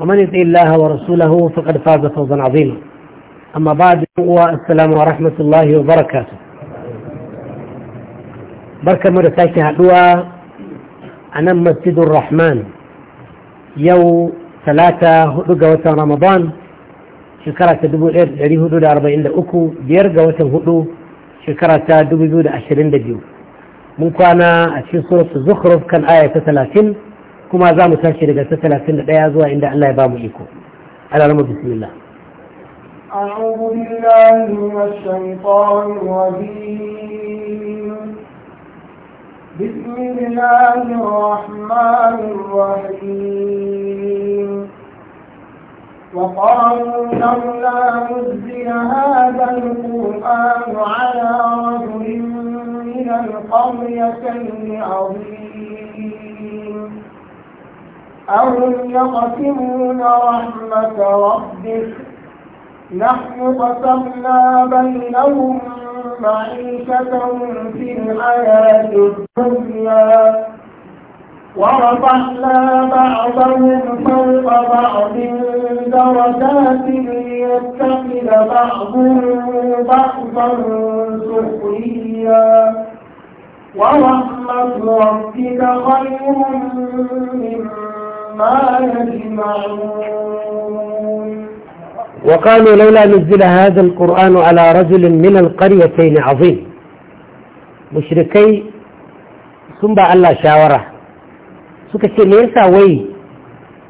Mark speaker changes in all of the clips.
Speaker 1: ومن يطيع الله ورسوله فقد فاز فوزا عظيما أما بعد السلام ورحمة الله وبركاته بركة مرتاكي هدوى أنا مسجد الرحمن يو ثلاثة هدوغة وطن رمضان شكرا تدبو إير جري هدو لأربعين لأكو بيرغة وطن هدو شكرا تدبو دو لأشرين لبيو من كان في سورة الزخرف كان آية 30 كما za mu tashi daga ta talatin da ɗaya zuwa inda Allah ya ba mu
Speaker 2: أعوذ بالله من الشيطان الرجيم بسم الله الرحمن الرحيم وقالوا لولا نزل هذا القرآن على رجل من القرية العظيم أو يقسمون رحمة ربك نحن قسمنا بينهم معيشتهم في الحياة الدنيا ورفعنا بعضهم فوق بعض درجات ليتخذ بعضهم بعضا سخريا ورحمة ربك خير مما ما يجمعون
Speaker 1: وقالوا لولا نزل هذا القرآن على رجل من القريتين عظيم مشركي سنبا الله شاورة سكتي ليسا وي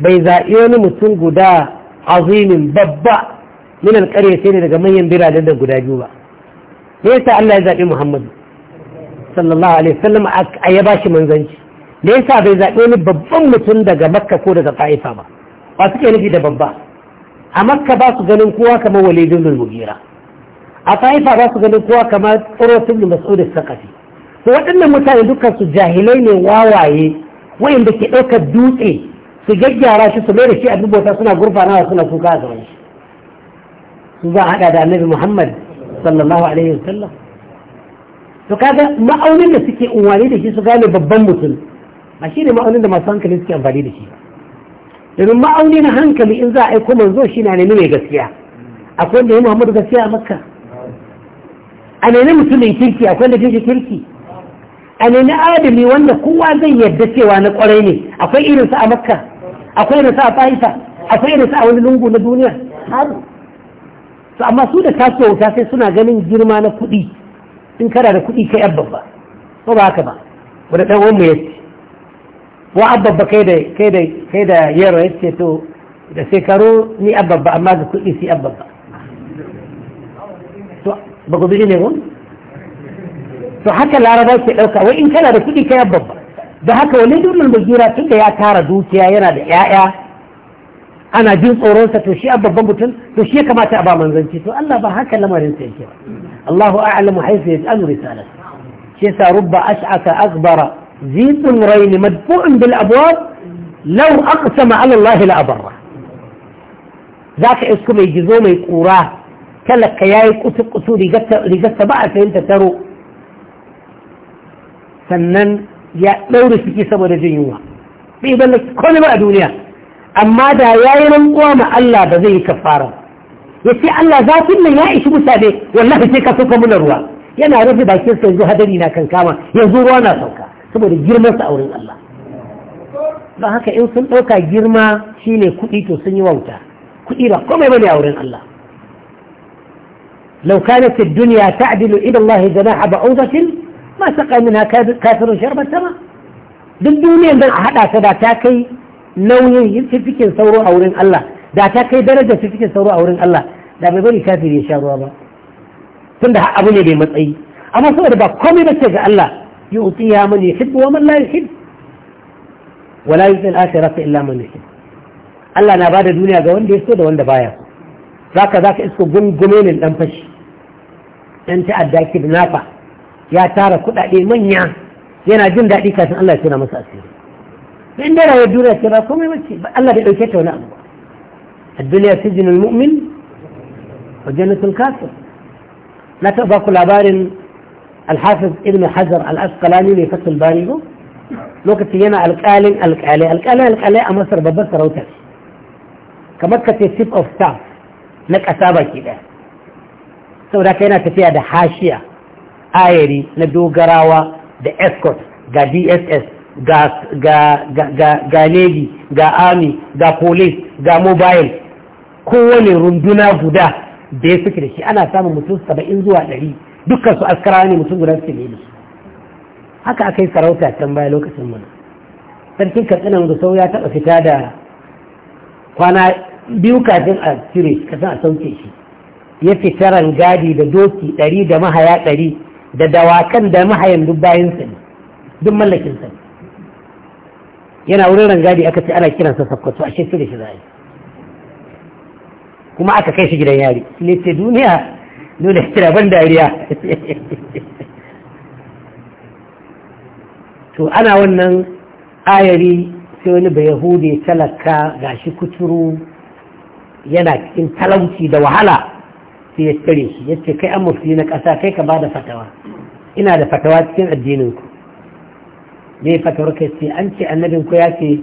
Speaker 1: بيزا يوني متنقو دا عظيم ببا من القريتين لقد من ينبرا لدى قداجوبا ليسا الله يزاقي محمد sallallahu alaihi wasallam a ya bashi manzanci me yasa bai zaɓe wani babban mutum daga makka ko daga ta'ifa ba ba suke nufi da babba a makka ba su ganin kowa kamar walidin mulmugira a ta'ifa ba su ganin kowa kamar tsorotun da masu da sakafi to waɗannan mutane dukkan su jahilai ne wawaye wayanda ke ɗaukar dutse su gyaggyara shi su mai da shi a dubota suna gurfanawa suna kuka a gaban shi su za a haɗa da annabi muhammad sallallahu alaihi wa wasallam to kaga ma'aunin da suke unwani da shi su gane babban mutum a shi ne ma'aunin da masu hankali suke amfani da shi domin ma'auni na hankali in za a aiko manzo shi na nemi mai gaskiya akwai wanda ya muhammadu gaskiya a makka a nemi mutumin kirki akwai wanda kirki kirki a nemi adami wanda kowa zai yarda cewa na kwarai ne akwai irin sa a makka akwai irin sa a faifa akwai irin sa a wani lungu na duniya har su amma su da kasuwa wuta sai suna ganin girma na kuɗi in kana da kuɗi ka yabba ba ko ba haka ba wanda ɗan wani ya ce Wa ababba kai da kai da kai da yaro yace to da shekaru ni ababba amma da kudi si ababba to ba ku to haka laraba ke ɗauka wai in kana da kuɗi kai ababba da haka wani dunan bagira tun da ya tara dukiya yana da 'ya'ya ana jin tsoronsa to shi babban mutum to shi ya kamata a ba manzanci to Allah ba haka lamarin sa yake ba Allahu a'lamu haythu yaj'alu risalata shi sa rubba ash'aka akbara ذي امرين مدفوع بالابواب لو اقسم على الله لابره ذاك اسكم يجزوم يقوراه كلك يا يقص قصو لي جت بعد انت ترو سنن يا دور في كيسه ولا جنوا في بالك كل ما الدنيا اما دا يا ينم قوم الله بذي كفاره يتي الله ذات اللي يا ايش مسابه والله تيك سوق من الروا يا نعرف باكي سوق هذا لينا كان كما يزور سوكا saboda girman sa a wurin Allah don haka in sun ɗauka girma shine kuɗi to sun yi wauta kuɗi ba komai bane a wurin Allah لو كانت الدنيا تعدل إلى الله جناح بعوضة ما سقى منها كافر شربة ba, duk duniyan dan a haɗa ta da ta kai nauyin fifikin sauro a wurin Allah da ta kai darajar fifikin sauro a wurin Allah da bai bari kafiri ya sha ruwa ba tun da abu ne mai matsayi amma saboda ba komai bace ga Allah يؤتيها من يحب ومن لا يحب ولا يؤتي الآخرة إلا من يحب Allah na bada duniya ga wanda ya so da wanda baya zaka zaka isko gungumenin dan fashi dan ta'adda kidnapper ya tara kudade manya yana jin daɗi kafin Allah ya tuna masa asiri in da rayuwar duniya ce ba komai bace Allah bai dauke ta wani abu ba ad na labarin alhafiz ibn hajar al-asqalani ne fatul bari ko lokaci yana alƙalin alƙalai alƙalai alƙalai a masar babbar sarauta kamar ka ce chief of staff na ƙasa baki ɗaya saboda haka yana tafiya da hashiya ayari na dogarawa da escort ga dss ga navy ga Ami ga police ga mobile kowane runduna guda da da shi ana samun mutum saba'in zuwa ɗari dukkan su askara ne mutum guda suke ne haka aka yi sarauta can baya lokacin mana sarkin katsina gusau ya taɓa fita da kwana biyu kafin a cire kasan a sauke shi ya fita rangadi da doki ɗari da mahaya ɗari da dawakan da mahayan duk bayansa ne duk mallakinsa ne yana wurin rangadi aka ce ana kiransa sakwato a shekara shi za'a kuma aka kai shi gidan yari ne ce duniya nuna kira ban dariya to ana wannan ayari sai wani bai hude talaka ga shi kuturu yana cikin talauci da wahala sai ya tare shi ya ce kai an mafi na ƙasa kai ka ba da fatawa ina da fatawa cikin addininku ne fatawar kai ce an ce annabinku ya ce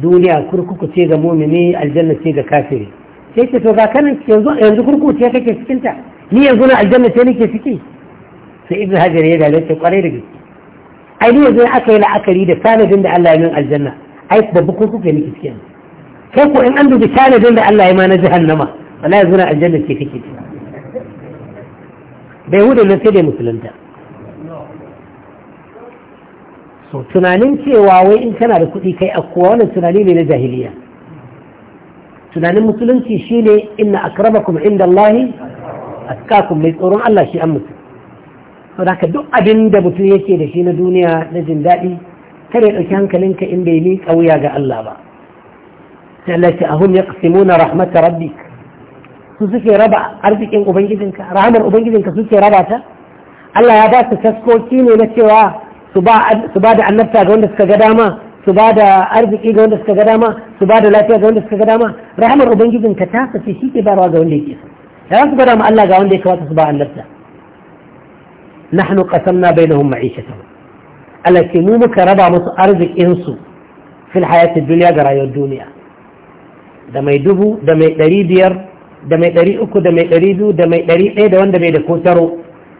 Speaker 1: duniya kurkuku ce ga momini aljanna ce ga kafiri sai ce to ga kanin yanzu kurkuku ce kake cikinta ni yanzu na aljanna ce nake ciki sai ibn hajar ya dalace kwarai da gaske ai ni yanzu aka yi la'akari da sanadin da Allah ya min aljanna ai babu ko kuke nake ciki kai ko in an dubi sanadin da Allah ya ma na jahannama wallahi yanzu na aljanna ce kake ciki bai hudu na sai dai musulunta so tunanin cewa wai in kana da kuɗi kai akuwa wannan tunani ne na jahiliya tunanin musulunci shine inna akramakum inda Allahi askakun mai tsoron Allah shi an mutum saboda duk abin da mutum yake da shi na duniya na jin daɗi kada ya ɗauki hankalinka in bai miƙa wuya ga Allah ba sai Allah ce ahum yaqsimuna rahmata rabbik su suke raba arzikin ubangijinka rahamar ubangijinka suke raba ta Allah ya ba su taskoki ne na cewa su ba da annabta ga wanda suka ga dama su ba da arziki ga wanda suka ga dama su ba da lafiya ga wanda suka ga dama rahamar ubangijinka ta sace shi ke barawa ga wanda yake so ya su gwada ma Allah ga wanda ya kamata su ba annabta nahnu qasamna bainahum ma'ishatuhum Allah ce mu muka raba musu arzikinsu fil hayati duniya ga rayuwar duniya da mai dubu da mai ɗari biyar da mai ɗari uku da mai ɗari biyu da mai ɗari ɗaya da wanda bai da kotaro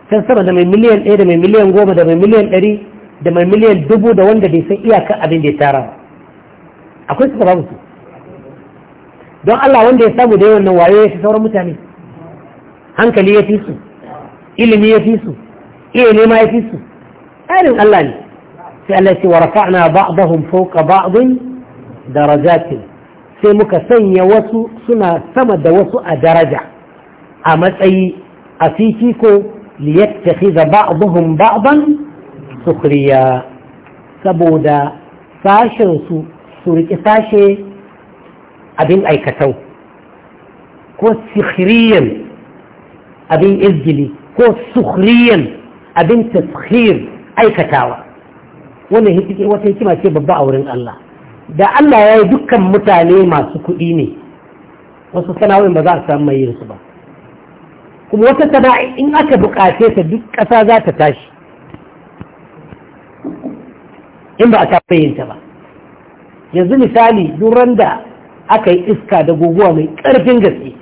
Speaker 1: can sama da mai miliyan ɗaya da mai miliyan goma da mai miliyan ɗari da mai miliyan dubu da wanda bai san iyakar abin da ya tara ba akwai suka babu su don Allah wanda ya samu da yawan nan wayo ya fi sauran mutane hankali ya fi su ilimi ya fi su iya nema ya fi su tsarin Allah ne sai Allah ce wa rafa'na ba'dahum fawqa ba'din darajatin sai muka sanya wasu suna sama da wasu a daraja a matsayi a fifiko liyattakhidha ba'dahum ba'dan sukhriya saboda sashen su su riƙi sashe abin aikatau ko sikiriyan abin izgili ko sukhriyan abin tafkhir aikatawa wannan wata hikima ce babba a wurin Allah da Allah ya yi dukkan mutane masu kuɗi ne wasu sana'o'in ba za a samu mai yin ba kuma wata sana'a in aka buƙace ta duk ƙasa za ta tashi in ba a taɓa yin ta ba yanzu misali duran da aka yi iska da guguwa mai ƙarfin gaske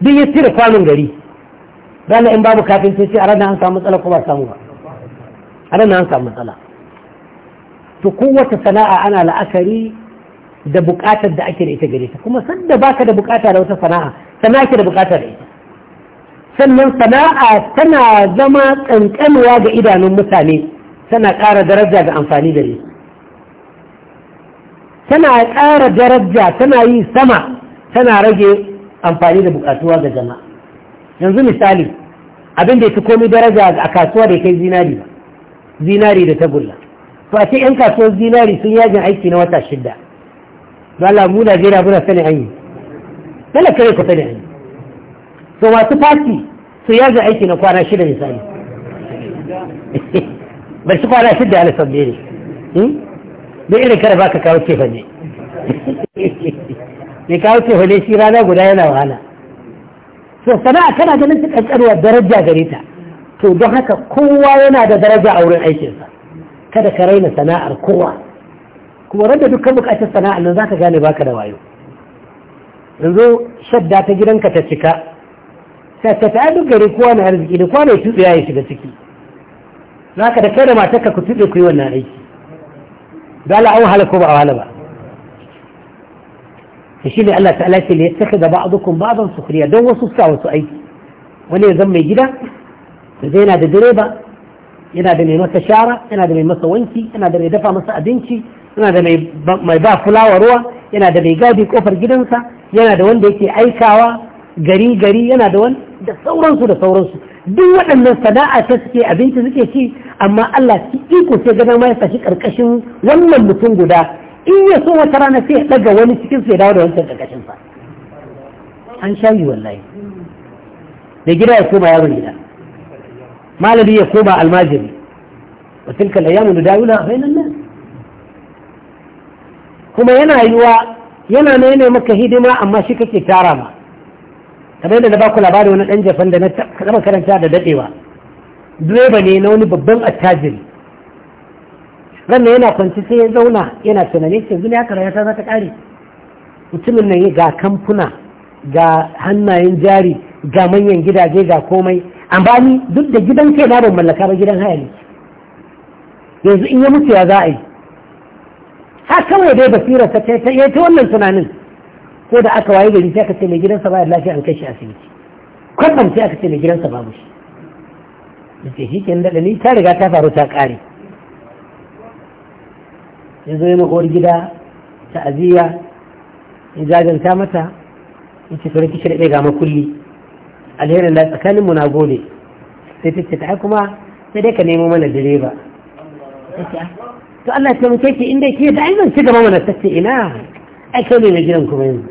Speaker 1: duk ya cire kwanon gari ranar in babu sai a ranar an samu matsala ko ba samu ba a ranar an samu matsala to kowace sana'a ana la'akari da bukatar da ake da ita gare ta kuma sanda baka da bukata da wata sana'a sana'a ke da bukata da ita sannan sana'a tana zama kankanuwa ga idanun mutane tana ƙara daraja ga amfani da ni tana ƙara daraja tana yi sama tana rage amfani da bukatuwa ga jama'a yanzu misali abin da ya fi komai daraja a kasuwa da ya kai zinari ba zinari da tagulla to a ce yan kasuwar zinari sun yajin aiki na wata shidda don Allah mu Najeriya muna sani an yi dala kare ku sani an yi to masu fasi sun yajin aiki na kwana shida misali bai su kwana shida ala sabbe ne hmm? da irin kada ba ka kawo kefa ne mai kawo kefa ne shi rana guda yana wahala so sana'a kana ganin ta kankanuwa daraja gare ta to don haka kowa yana da daraja a wurin aikinsa kada ka raina sana'ar kowa kuma rada dukkan bukatar sana'a nan za ka gane baka da wayo yanzu shadda ta gidanka ta cika sai ta ta duk gari kowa na arziki da kowa na tutsu ya shiga ciki ka da kai da matarka ku tutsu ku yi wannan aiki dala an wahala ko ba a wahala ba da shi ne Allah ta'ala ce ne ya saka da ba'dukum ba'dan sufriya don wasu sa wasu aiki wani ya zama mai gida da yana da direba yana da mai masa shara yana da mai masa wanki yana da mai dafa masa abinci yana da mai ba fulawa ruwa yana da mai gadi kofar gidansa yana da wanda yake aikawa gari gari yana da wani da sauransu da sauransu duk waɗannan sana'a ta suke abinci suke ci amma Allah ki iko sai gadar ma ya sashi karkashin wannan mutum guda in ya so wata rana sai ya daga wani cikin sai dawo da wancan karkashin sa an yi wallahi da gida ya koma yaron gida malami ya koma almajiri wa tilka da dawula a bainan nan. kuma yana yiwa yana ne ne maka hidima amma shi kake tara ma kamar yadda na baku labari wani dan jafan da na karanta da dadewa direba ne na wani babban attajiri ran yana kwanci sai ya zauna yana tunani sai ne haka rayuwa za ta kare mutumin nan ga kamfuna ga hannayen jari ga manyan gidaje ga komai amma ni duk da gidan kai na ban mallaka ba gidan haya ne yanzu in ya mutu ya za a yi ha kawai dai basira ta ta yi ta wannan tunanin ko da aka waye gari sai aka ce mai gidansa ba ya lafiya an kai shi asibiti kwatsam sai aka ce mai gidansa babu shi da shi ke ni ta riga ta faru ta kare ya zo yana uwar gida aziya ya jajanta mata ya ce tsoron kishi da ga makulli alherin da tsakanin mu na gode sai ta ce ta kuma sai dai ka nemo mana direba ah, to Allah ta muke ki inda ke da aizan ci gaba mana ta ce ina ai kai ne na gidan kuma yanzu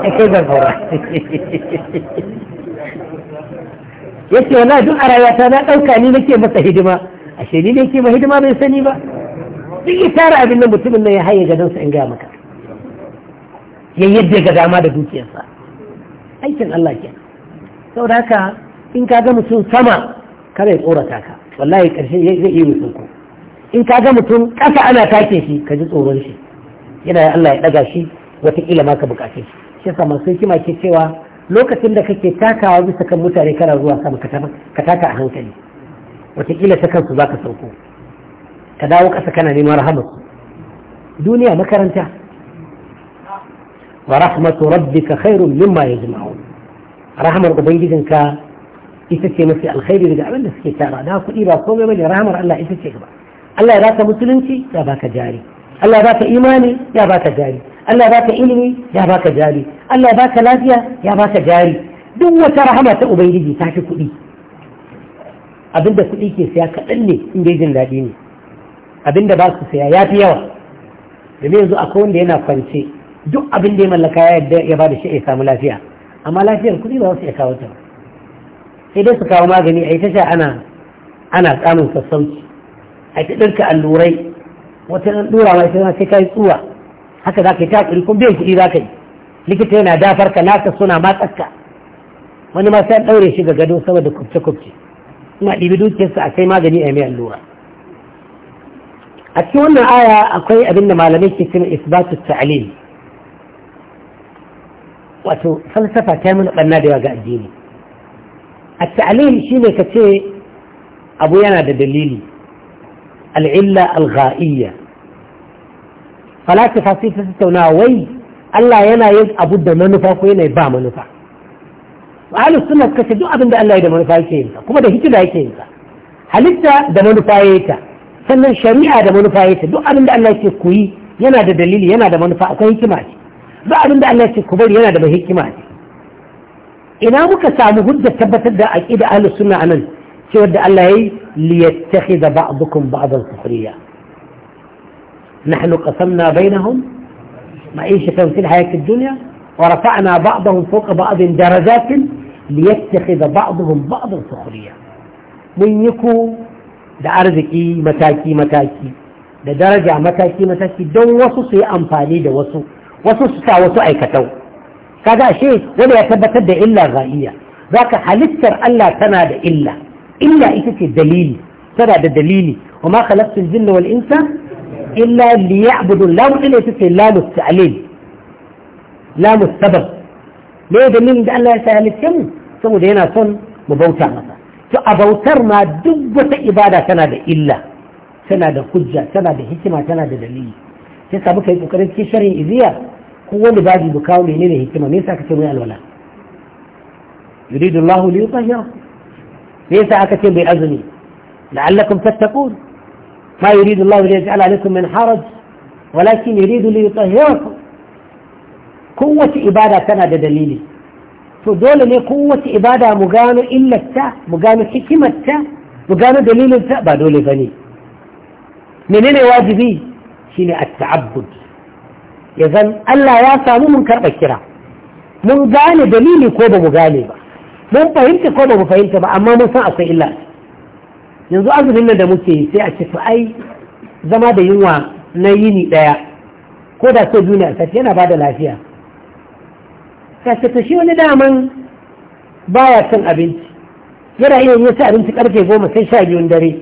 Speaker 1: ai kai zarfara
Speaker 3: ya ce wala duk a rayata na ɗauka ni
Speaker 1: nake masa hidima ashe ni ne ke ma hidima bai sani ba duk ya tara abin nan mutumin nan ya haye sa in gaya maka ya yadda ga dama da dukiyarsa aikin Allah ke saboda haka in ka ga mutum sama kada ya tsorata ka wallahi karshe zai yi mutum ko in ka ga mutum ƙasa ana take shi ka ji tsoron shi yana Allah ya daga shi wataƙila ma ka buƙace shi shi yasa masu hikima ke cewa lokacin da kake takawa bisa kan mutane kana zuwa sama ka taka a hankali wataƙila ta kansu za ka sauko ka dawo ƙasa kana neman rahamar duniya makaranta wa rahmatu rabbika khairun mimma yajma'un rahamar ubangijinka ita ce mafi alkhairi daga abin da suke tara da kuɗi ba komai bane rahamar Allah ita ce gaba Allah ya baka musulunci ya baka jari Allah ya baka imani ya baka jari Allah ya baka ilimi ya baka jari Allah ya baka lafiya ya baka jari duk wata rahama ta ubangiji ta fi kuɗi abinda kuɗi ke siya kaɗan ne in jin daɗi ne abinda ba su saya ya fi yawa domin yanzu akwai wanda yana kwance duk abin da ya mallaka ya yadda ya ba da shi ya samu lafiya amma lafiyar kuɗi ba wasu ya kawo ta sai dai su kawo magani a yi tasha ana ana samun sassauci a ta ɗinka allurai wata nan ɗora mai sai sai kai tsuwa haka za ka yi taƙi kuma biyan kuɗi za ka yi likita yana dafar ka naka suna matsakka wani ma sai an ɗaure shi ga gado saboda kubce-kubce ina ɗibi dukiyarsa a kai magani a mai allura a cikin wannan aya akwai abin da malamai ke cin isbatu ta'lil wato falsafa ta mana barna da yawa ga addini a ta'lil shine ka ce abu yana da dalili al'illa al-gha'iyya falasifa sai ta tattauna wai Allah yana yin abu da manufa ko yana ba manufa ahlu suna kace duk abin da Allah ya da manufa yake yin kuma da hikima yake yin halitta da manufa yake ta sannan shari'a da manufa yake duk abin da Allah ya ce ku yi yana da dalili yana da manufa akwai hikima ce duk abin da Allah ya ce ku bari yana da mai hikima ce ina muka samu hujja tabbatar da aqida ahli sunna anan cewa da Allah yayi li yattakhidha ba'dukum ba'dan sukhriya nahnu qasamna bainahum نحن قسمنا hayati ad-dunya wa rafa'na ba'dahum fawqa ba'din darajatin li yattakhidha ba'dahum ba'dan sukhriya mun يكون da arziki mataki-mataki da daraja mataki-mataki don wasu su yi amfani da wasu wasu su sa wasu aikatau kaga ashe wani ya tabbatar da illa ra'iya zaka halittar Allah tana da illa illa ita ce dalili tana da dalili wa ma khalaqtul jinna wal insa illa liya'budun la mutum ita ce la musta'lil la mustabab me dalilin da Allah ya sa halitta mu saboda yana son mu bauta masa to a bautar ma duk wata ibada tana da illa tana da hujja tana da hikima tana da dalili sai sa muka yi kokarin cikin sharhin iziya ko wani babu bu kawo ne ne hikima me yasa kace mai alwala Yuridullahu Allahu li yutahhira me yasa aka ce bai azumi la'allakum tattaqun ma Yuridullahu Allahu li yaj'ala alaykum min haraj walakin yuridu li yutahhirakum kowace ibada tana da dalili to dole ne kowace ibada mu gano illarta mu gano hikimarta mu gano dalilinta ba dole ba ne menene wajibi shine at-ta'abbud ya Allah ya samu mun karɓa kira mun gane dalili ko ba mu gane ba mun fahimta ko ba mu fahimta ba amma mun san akwai illa yanzu azumin nan da muke sai a ce ai zama da yunwa na yini ɗaya ko da so biyu yana ba da lafiya Kashe ta shi wani daman baya cin abinci yana iya yi sa abinci karfe goma sai sha biyun dare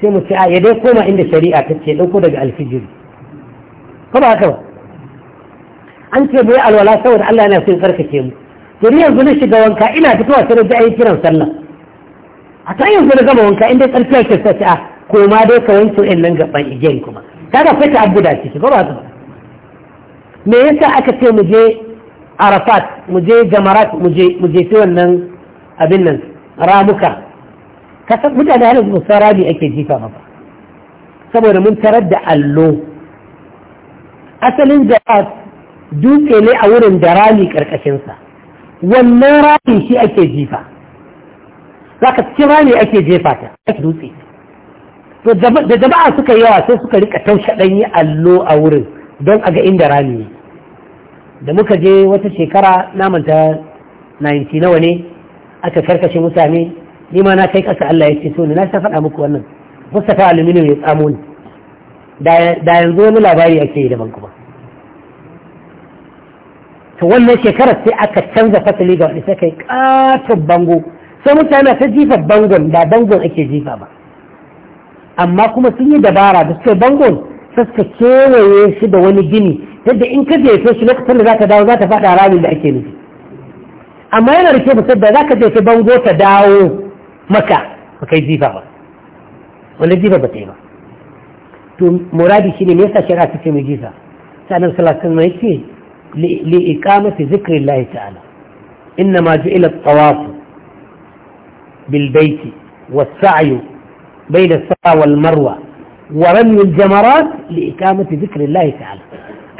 Speaker 1: sai mu ce a ya koma inda shari'a ta ce ɗauko daga alfijiri ko ba haka ba an ce bai alwala saboda Allah yana son ke mu to ni yanzu na shiga wanka ina fitowa sai da ayi kiran sallah a ta yanzu na gama wanka inda tsarki yake sai a koma dai ka wanke in nan gaban igiyan kuma kaga fita abu da ciki ko ba haka ba me yasa aka ce mu je arafat mu je jamarat mu je fi wannan abin nan ramuka kasan mutane hannun musa rami ake jifa ba saboda mun tarar da allo asalin jamarat dutse ne a wurin da rami karkashinsa wannan rami shi ake jifa za ka cikin rami ake jefa ta ake dutse to da jama'a suka yawa sai suka rika taushe ɗanyi allo a wurin don a ga inda rami ne da muka je wata shekara namanta 90 nawa ne aka karkashe mutane ni ma na kai ƙasa Allah ya ce so na ta faɗa muku wannan Mustapha Aluminium ya tsamo ni da yanzu wani labari ake yi daban kuma to wannan shekarar sai aka canza fasali ga wani sai kai katon bango sai mutane ta jifa bangon da bangon ake jifa ba amma kuma sun yi dabara da suka bangon sai suka kewaye shi da wani gini yadda in ka jefe shi lokacin da za ka dawo za ta faɗa ramin da ake nufi amma yana rike ba sadda za ka jefe bango ta dawo maka ba kai jifa ba wanda jifa ba ta yi ba to muradi shi ne me yasa shari'a ta ce mai jifa sa'adan salatin mai ce li'iqamati zikrillahi ta'ala إنما جئل الطواف بالبيت والسعي بين السعى والمروة ورمي الجمرات لإقامة ذكر الله تعالى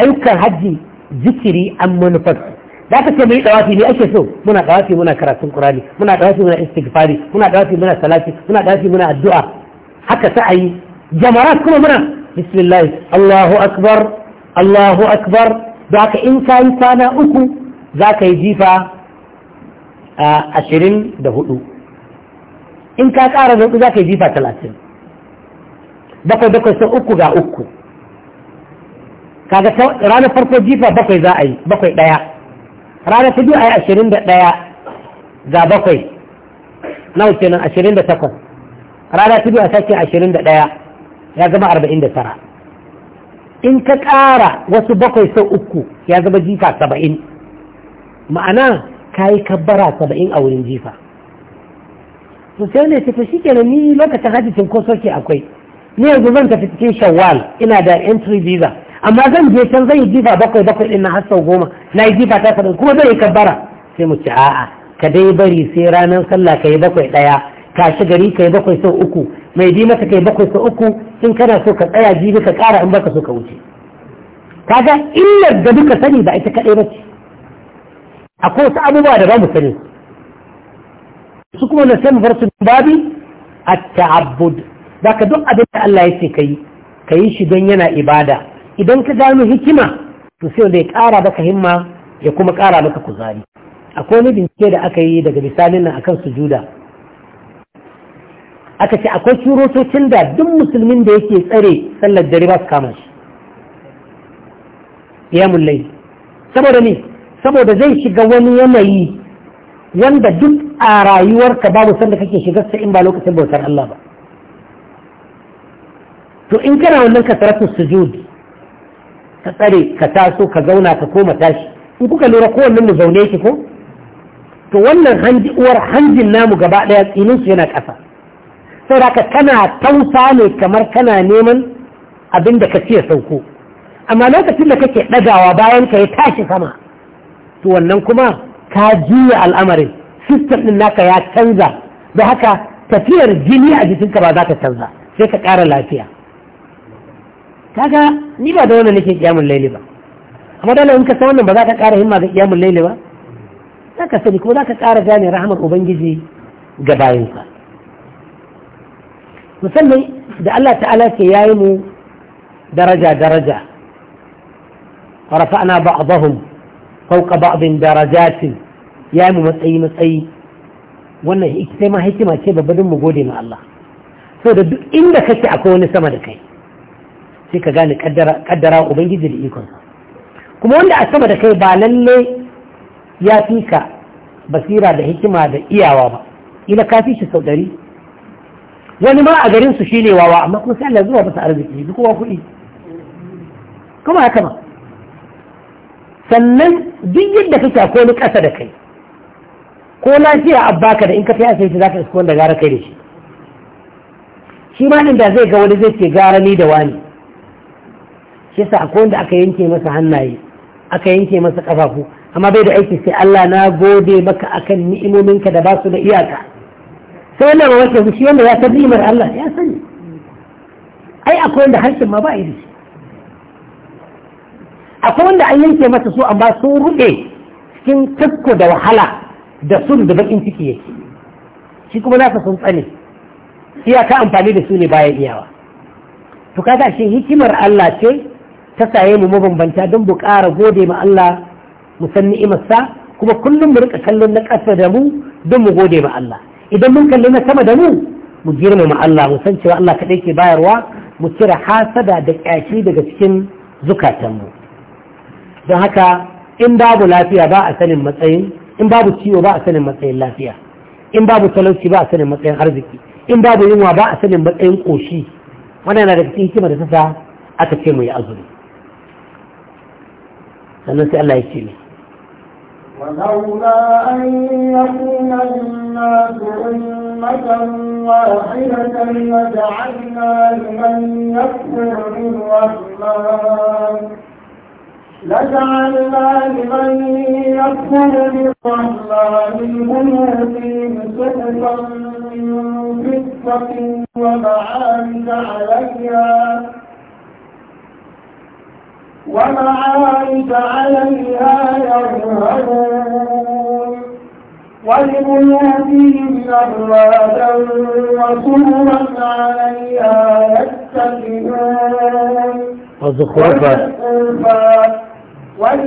Speaker 1: ayyukan hajji zikiri an manufar da aka ce mai dawafi ne ake so muna dawafi muna karatun qur'ani muna dawafi muna istighfari muna dawafi muna salati muna dawafi muna addu'a haka ayi jamarat kuma muna bismillah Allahu akbar Allahu akbar da aka in ka yi kwana uku za ka yi jifa ashirin da hudu in ka kara ƙara zaɓi za ka yi jifa talatin bakwai bakwai sau uku ga uku kaga ranar farko jifa bakwai za a yi bakwai ɗaya ranar ta biyu a yi ashirin da ɗaya ga bakwai nawa kenan ashirin da takwas rana ta biyu a sake ashirin da ɗaya ya zama arba'in da tara in ka ƙara wasu bakwai sau uku ya zama jifa saba'in ma'ana ka yi kabbara saba'in a wurin jifa to sai ne tafi shi kenan ni lokacin hajji cin ko soke akwai ni yanzu zan tafi cikin shawwal ina da entry visa amma zan je can zan yi jifa bakwai bakwai ɗin na har sau goma na yi jifa ta kaɗan kuma zan yi kabbara sai mu ci a'a ka dai bari sai ranar sallah ka yi bakwai ɗaya ka shi gari ka yi bakwai sau uku mai bi maka ka yi bakwai sau uku in kana so ka tsaya jibi ka ƙara in baka so ka wuce kaga illar da duka sani ba ita kaɗai ba ce akwai wasu abubuwa da ba mu sani su kuma na sai mu bar su babi at-ta'abbud zaka duk abin da Allah ya ce ka yi shi don yana ibada idan ka gano hikima to sai wanda ya ƙara maka himma ya kuma ƙara maka kuzari akwai wani bincike da aka yi daga misalin nan akan sujuda aka ce akwai surutocin da duk musulmin da yake tsare sallar dare ba su kama shi ya mullai saboda ne saboda zai shiga wani yanayi wanda duk a rayuwarka babu sanda kake sa in ba lokacin bautar Allah ba to in kana wannan kasaratu sujudi ka tsare ka taso ka zauna ka koma tashi in kuka lura kowanne mu zaune ki ko to wannan hanji uwar hanjin namu gaba daya tsinin su yana ƙasa saboda ka kana tausa ne kamar kana neman abin da ka ce sauko amma lokacin da kake ɗagawa bayan ka ya tashi sama to wannan kuma ka juya al'amarin sistem ɗin naka ya canza da haka tafiyar jini a jikinka ba za ta canza sai ka ƙara lafiya kaga ni ba da wannan nake kiyamun laili ba amma dole in ka san wannan ba za ka ƙara himma ga kiyamun laili ba za ka sani kuma za ka ƙara gane rahamar ubangiji ga bayansa musamman da Allah ta'ala ke yayi mu daraja daraja rafa'na ba'dahum fawqa ba'din darajatin yayi mu matsayi matsayi wannan ita ma hikima ce babban mu gode ma Allah saboda duk inda kake akwai wani sama da kai sai ka gane kaddara ubangiji da ikon kuma wanda a sama da kai ba lalle ya fi ka basira da hikima da iyawa ba ila ka fi shi sau ɗari wani ma a garin su shine wawa amma kuma sai Allah zuwa masa arziki duk kowa kuɗi kuma haka ba sannan duk yadda kake ko ni ƙasa da kai ko lafiya ka da in ka fi sai za ka isko wanda gara kai da shi shi ma da zai ga wani zai ce gara ni da wani shi sa akwai wanda aka yanke masa hannaye aka yanke masa kafafu amma bai da aiki sai Allah na gode maka akan ni'imominka da ba su da iyaka sai wannan ba wace shi wanda ya san ni'imar Allah ya sani ai akwai wanda harshen ma ba yi da shi akwai wanda an yanke masa su amma sun rube cikin tasko da wahala da sun da bakin ciki yake shi kuma nasa sun tsane iyaka amfani da su ne bayan iyawa to kaga shi hikimar Allah ce ta saye mu mabambanta don mu ƙara gode ma Allah mu san ni'imarsa kuma kullum mu rika kallon na ƙasa da mu don mu gode ma Allah idan mun kalli na sama da mu mu girmama Allah mu san cewa Allah kaɗai ke bayarwa mu cire hasada da ƙyashi daga cikin zukatanmu don haka in babu lafiya ba a sanin matsayin in babu ciwo ba a sanin matsayin lafiya in babu talauci ba a sanin matsayin arziki in babu yunwa ba a sanin matsayin ƙoshi wannan yana daga cikin hikimar da ta aka ce mu yi azumi فنسي الله يكتبه
Speaker 2: ولولا أن يكون الناس أمة واحدة لجعلنا لمن يكفر بالرحمن لجعلنا لمن يكفر بالرحمن بيوتهم سقفا من فضة ومعارك عليها ومعارف عليها يرهبون ولبيوتهم أبوابا وسورا عليها يتكئون وزخرفا وإن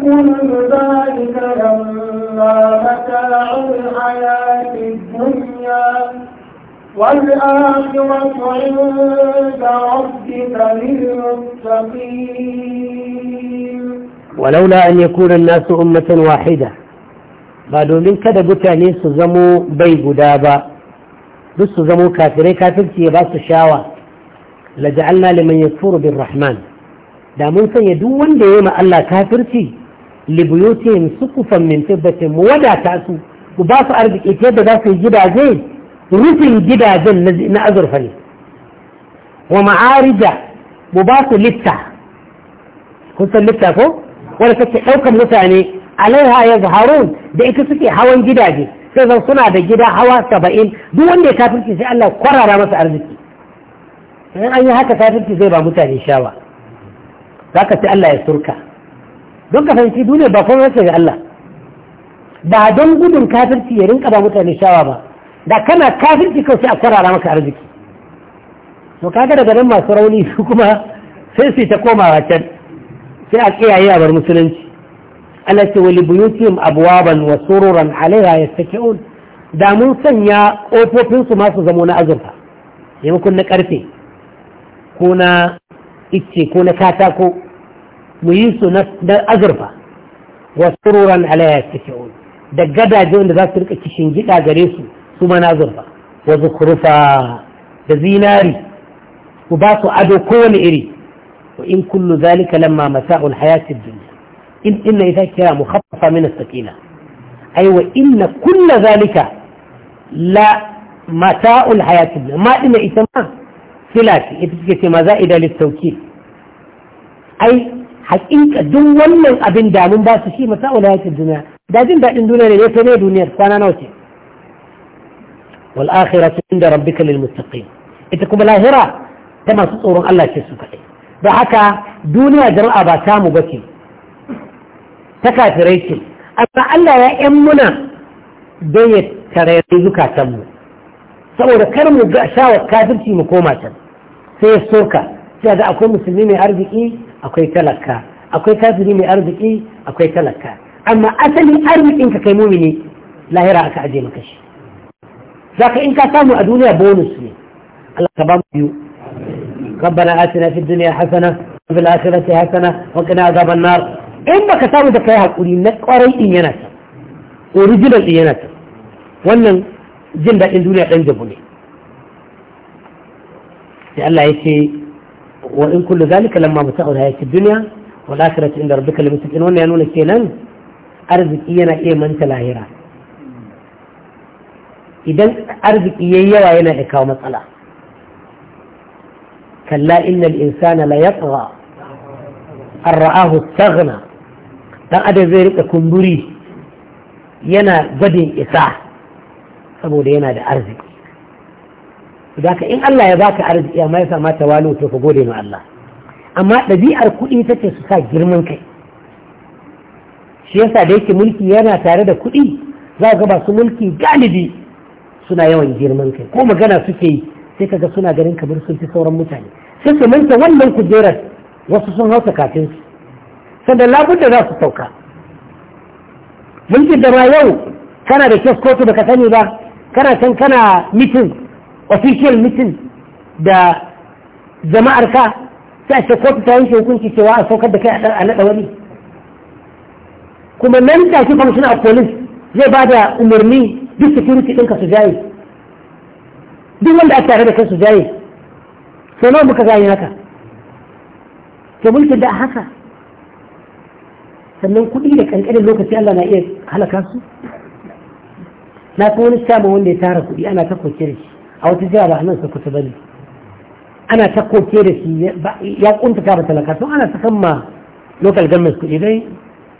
Speaker 2: كل ذلك لما متاع الحياة الدنيا
Speaker 1: ولولا أن يكون الناس أمة واحدة قالوا من كذا قلت أن يعني يسزموا بي قدابا بسزموا كافرين كافرتي يباسوا شاوة لجعلنا لمن يكفر بالرحمن دا من سن يدون ليوم الله كافرتي لبيوتهم سقفا من فضة ولا تأسو وباسوا أرض إتيادة داسوا يجيبها زين rufin gidajen na azurfa ne wa ma'arija mu ba su lifta kun san lifta ko wanda kake ɗaukar mutane alaiha ya zaharun da ita suke hawan gidaje sai zan suna da gida hawa saba'in duk wanda ya kafirci sai Allah kwarara masa arziki in an yi haka kafirci zai ba mutane shawa za ka sai Allah ya surka don ka fahimci duniya ba kuma ga Allah ba don gudun kafirci ya rinka ba mutane shawa ba da kana kafirci kawai sai a kwarara maka arziki to kaga daga nan masu rauni su kuma sai su ta koma can sai a kiyaye a bar musulunci Allah ce wali abwaban wa sururan alaiha yastaki'un da mun sanya kofofin masu zamo na azurfa yamakon na karfe ko na icce ko na katako mu yi su na azurfa wa sururan alaiha yastaki'un da gadaje wanda za su rika kishin gida gare su kuma na zurfa wa zukhrufa da zinari ku ba su ado kowane iri wa in kullu zalika lamma mata'ul hayatid dunya in inna idha kira mukhaffafa min as-sakina ay wa inna kullu zalika la mata'ul hayatid dunya ma dina ita ma filati ita take ce maza ida litauki ai haƙiƙa duk wannan abin da mun ba su shi mata'ul hayatid dunya da jin daɗin duniya ne sai ne duniyar kwana nawa ce wal akhiratu inda rabbika lil muttaqin ita kuma lahira ta masu tsoron Allah ce su kaɗai don haka duniya jama'a ba samu ba ce ta kafirai ce amma Allah ya ‘yan muna don ya tarayyar zukatanmu saboda kar mu ga shawa kafirci mu koma ta, sai ya soka sai ga akwai musulmi mai arziki akwai talaka akwai kafiri mai arziki akwai talaka amma asali arzikin ka kai mumini lahira aka aje maka zaka in ka samu a duniya bonus ne Allah ka ba mu biyu ربنا آتنا في الدنيا حسنة وفي الآخرة حسنة وقنا عذاب النار إن بك سامو دا كاي حقوري نقري إن ينسى original إن ينسى wannan jin daɗin duniya ɗan jabu ne sai Allah ya ce wa in kullu zalika lamma mata'ul hayatid dunya wal akhiratu inda rabbika lil muttaqin wannan ya nuna kenan arziki yana iya manta lahira idan arziki yayi yawa yana da kawo matsala kalla innal insana la yatgha an ra'ahu dan adam zai rika kumburi yana gwadin isa saboda yana da arziki ka in Allah ya baka arziki amma ya sama tawalu to ka gode ma Allah amma ɗabi'ar kuɗi take ce su sa girman kai shi yasa da yake mulki yana tare da kuɗi za ga su mulki galibi suna yawan girman kai ko magana suke yi sai kaga suna ganin kamar sun fi sauran mutane sai su manta wannan kujerar wasu sun hausa kafin su sannan labudda za su sauka mulkin da ma yau kana da kyau kotu baka sani ba kana can kana mitin official mitin da jama'ar ka sai a ce kotu ta yanke hukunci cewa a saukar da kai a naɗa wani kuma nan take kwamishin a police zai ba da umarni duk security ɗinka su jaye duk wanda aka tare da kai su jaye sai nawa muka gani haka to mulkin da haka sannan kuɗi da ƙanƙanin lokaci Allah na iya halaka su na kuma wani shamu wanda ya tara kuɗi ana ta koke da shi a wata jiha ba nan kusa ba ne ana ta koke da shi ya ƙunta ta ba talaka to ana ta kama ma local government kuɗi dai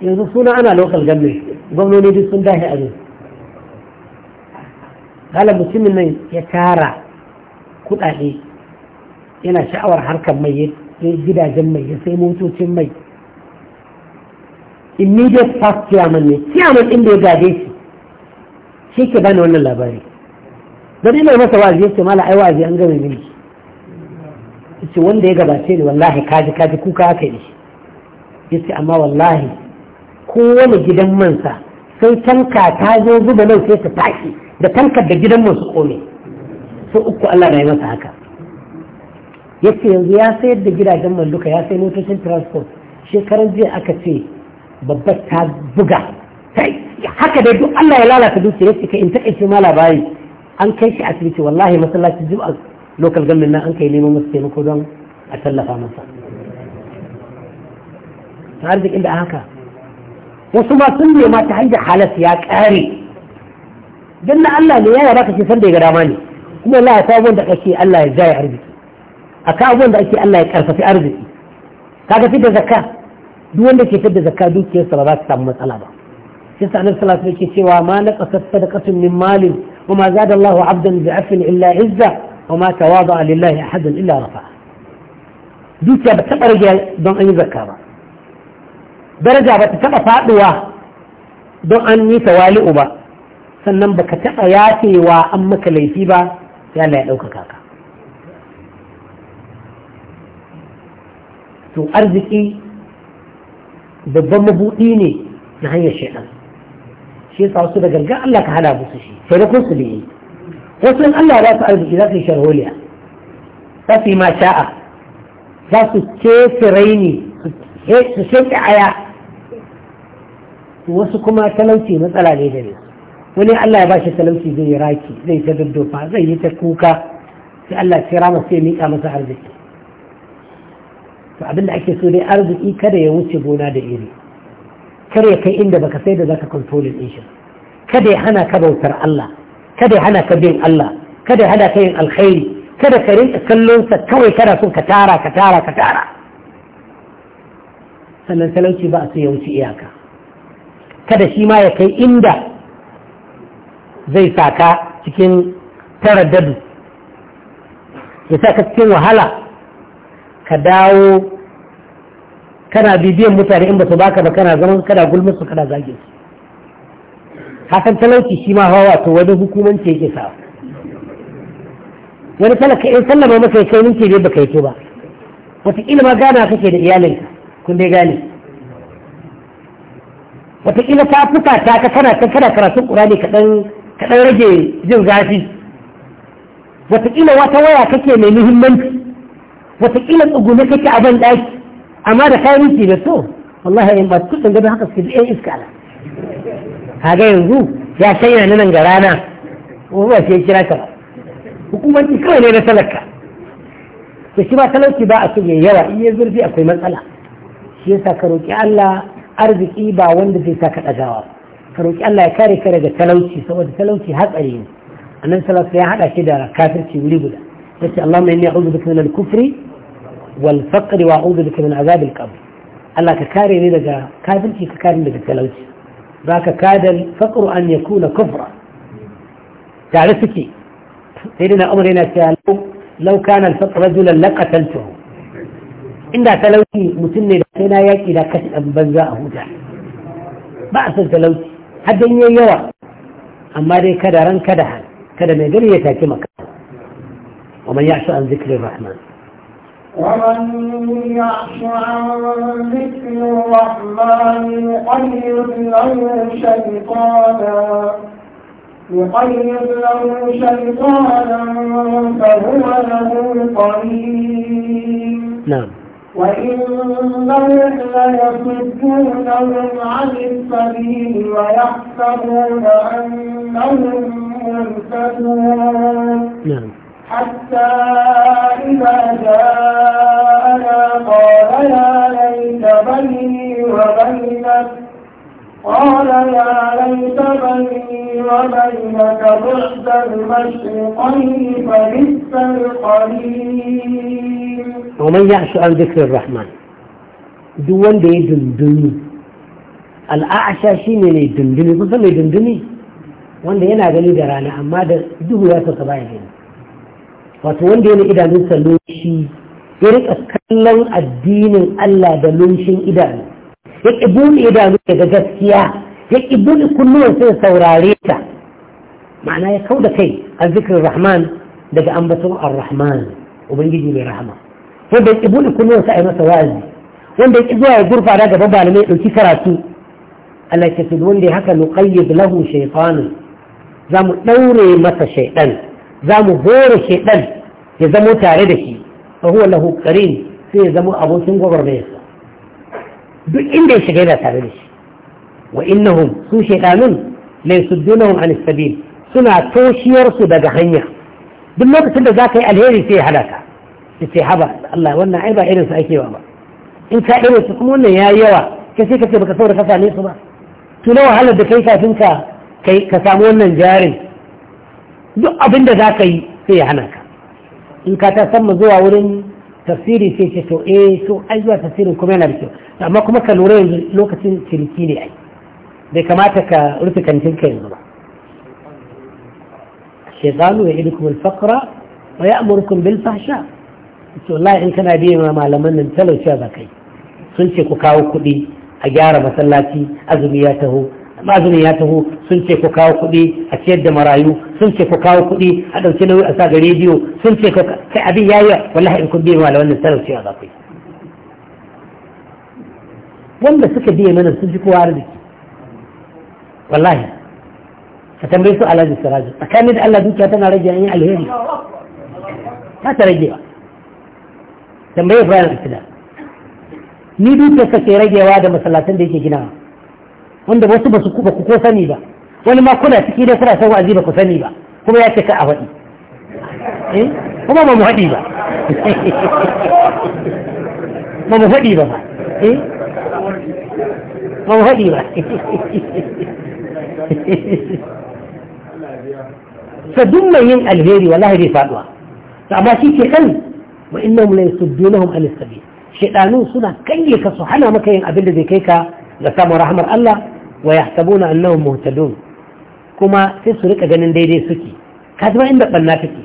Speaker 1: yanzu suna ana local government gwamnoni duk sun dahi abin kala mutumin nan ya tara kudade yana sha'awar harkar mai ya gidajen mai ya sai motocin mai immediate past chairman ne chairman inda ya gade shi shi ke bani wannan labari don ina masa wazi ya ce mala ai wazi an gama mini ce wanda ya gabace ni wallahi kaji kaji kuka aka yi shi ya ce amma wallahi kowane gidan mansa sai tanka ta zo zuba nan sai ta tashi da tankar da gidan mansu kome su uku Allah na yi masa haka yace yanzu ya sayar da gidajen malluka ya sayi motocin transport shekaran jiya aka ce babbar ta buga haka dai duk Allah ya lalata dukiya yace kai in takaice ma labari an kai shi asibiti wallahi masallacin juma'a local government nan an kai neman masu taimako don a tallafa masa ta arzikin da haka wasu ma sun nema ta hanyar halas ya ƙare don na Allah ne ya yaya baka shi sanda ya ga dama ne kuma Allah ya kawo da kake Allah ya jaya arziki a kawo da ake Allah ya karfafi arziki kaga fitar da zakka duk wanda ke fitar da zakka dukiyarsa ba za ta samu matsala ba shi sa annabi sallallahu alaihi wasallam cewa ma naqasat sadaqatun min malin wa ma zada Allahu 'abdan bi afin illa izza wa ma tawada'a lillahi ahadan illa rafa'a dukiya ba ta rage don an yi zakka ba daraja ba ta taɓa faɗuwa don an yi tawali'u ba sannan baka taɓa yafewa an maka laifi ba ya la ya ɗaukaka ka to arziki babban mabuɗi ne na hanyar shaidan shi yasa wasu da gangan Allah ka hada musu shi sai da kunsu da yi wasu in Allah ya su arziki za su yi sharholiya za su yi ma sha'a za su kefi raini eh su sai aya wasu kuma talauci matsala ne gare su wani Allah ya bashi talauci zai yi raki zai ta daddofa zai yi ta kuka sai Allah ya sai rama ya miƙa masa arziki to abin da ake so dai arziki kada ya wuce gona da iri kar ya kai inda baka sai da zaka controlling din shi kada ya hana ka bautar Allah kada ya hana ka bin Allah kada ya hana ka yin alkhairi kada ka rinka kallon sa kawai kana son ka tara ka tara ka tara sannan talauci ba a so ya wuce iyaka kada shi ma ya kai inda zai saka cikin taraddadu ya saka cikin wahala ka dawo kana bibiyan mutane in ba su baka ba kana zaman kada gulmin su kana zage su hakan talauci shi ma hawa to wani hukumanci yake sa wani talaka in sallama masa ya kai minti bai baka yake ba wata ilma gana kake da iyalinka kun dai gane wataƙila ta fuka ta ka kana kan kana karatun ƙurani kaɗan kaɗan rage jin zafi wataƙila wata waya kake mai muhimmanci wataƙila tsugune kake a ban ɗaki amma da kayan yanki da so wallahi in ba kuɗin gaba haka su ji ɗan iska ala kaga yanzu ya shanya nan ga rana ko ba sai kira ka ba hukumanci kawai ne na talaka da shi ba talauci ba a so yawa in yi zurfi akwai matsala shi yasa ka roƙi Allah arziki ba wanda zai saka ɗagawa ka roƙi Allah ya kare ka daga talauci saboda talauci hatsari ne annan salatu ya haɗa shi da kafirci wuri guda yace Allahumma inni a'udhu bika min al-kufri wal faqr wa a'udhu bika min azab al-qabr Allah ka kare ni daga kafirci ka kare ni daga talauci zaka kada faqru an yakuna kufra tare suke sai dina umar yana cewa lau kana al-faqr rajulan laqataltuhu inda talauci mutum ne da sai na yaƙi da kashi ɗan banza a huta ba a son talauci har dan yayi yawa amma dai kada ran kada hal kada mai gari ya take maka wa man ya'shu an zikrir rahman
Speaker 2: ومن يعش عن ذكر الرحمن يقيض له شيطانا يقيض له شيطانا فهو له قريب نعم وإنهم ليصدونهم عن السبيل ويحسبون أنهم مهتدون نعم حتى إذا جاءنا قال يا ليت بيني وبينك قال يا ليت بيني وبينك بعد المشرقين فبئس القليل
Speaker 1: ومن يعش عن ذكر الرحمن duk wanda ya dundumi al'asha shi ne mai dundumi kusa mai dundumi wanda yana gani da rana amma da duhu ya sauka baya gani wato wanda yana idanunsa lunshi ya rika kallon addinin Allah da lunshin idanu ya ƙi buɗe idanu daga gaskiya ya ƙi buɗe kunnuwan sai saurare ta ma'ana ya kau da kai a zikin rahman daga ambaton ar-rahman ubangiji mai rahama wanda ya ƙi buɗe kullum sa a yi masa wa'azi wanda ya ƙi zuwa ya gurfa da gaba malamai ɗauki karatu Allah ya ce wanda ya haka nuqayyid lahu shaytanan za mu ɗaure masa shaiɗan za mu hore shaiɗan ya zamo tare da shi fa huwa lahu qarin sai ya zamo abokin gwagwarmayarsa duk inda ya shiga yana tare da shi wa innahum su shaiɗanun la yasuddunahum an sabil suna toshiyar su daga hanya duk lokacin da zaka yi alheri sai ya halaka ta ce haba Allah wannan ai ba irinsu ake ba in ka su kuma wannan ya yawa ka sai ka ce baka saura ka same su ba tura wahalar da kai kafin ka kai ka samu wannan jarin duk abin da za ka yi sai ya hana ka in ka ta san zuwa wurin tafsiri sai ce to eh to ai zuwa tafsirin kuma yana da kyau amma kuma ka lura yanzu lokacin ciniki ne ai bai kamata ka rufe kantin ka yanzu ba shaytanu ya idukum al-faqra wa ya'murukum bil fahsha' to wallahi in kana biyan ma malaman nan talauciya za kai sun ce ku kawo kuɗi a gyara masallaci azumi ya taho azumi ya taho sun ce ku kawo kuɗi a ciyar da marayu sun ce ku kawo kuɗi a ɗauki nauyi a sa ga rediyo sun ce kai abin ya yi wallahi in kun biyan malaman nan talauciya za kai wanda suka biya mana sun fi kowa arziki wallahi ka tambayi su alhaji sirajin tsakanin da Allah dukiya tana rage yin alheri ta ta rage ba tambaye bayan fitina ni dukiyar ke ragewa da masallatan da yake ginawa wanda wasu ba su ba ku ko sani ba wani ma kuna ciki ne kuna san wa'azi ba ku sani ba kuma ya ce ka a faɗi eh? kuma ba mu faɗi ba
Speaker 3: ba mu faɗi ba ba eh?
Speaker 1: ba mu faɗi ba sa duk mai yin alheri wallahi bai faɗuwa amma shi ke kan wa innahum la yasuddunahum an sabil shiɗanu suna kange ka su hana maka yin abin da zai kai ka ga samun rahmar Allah wa yahsabuna annahum muhtadun kuma sai su rika ganin daidai suke ka zama inda banna take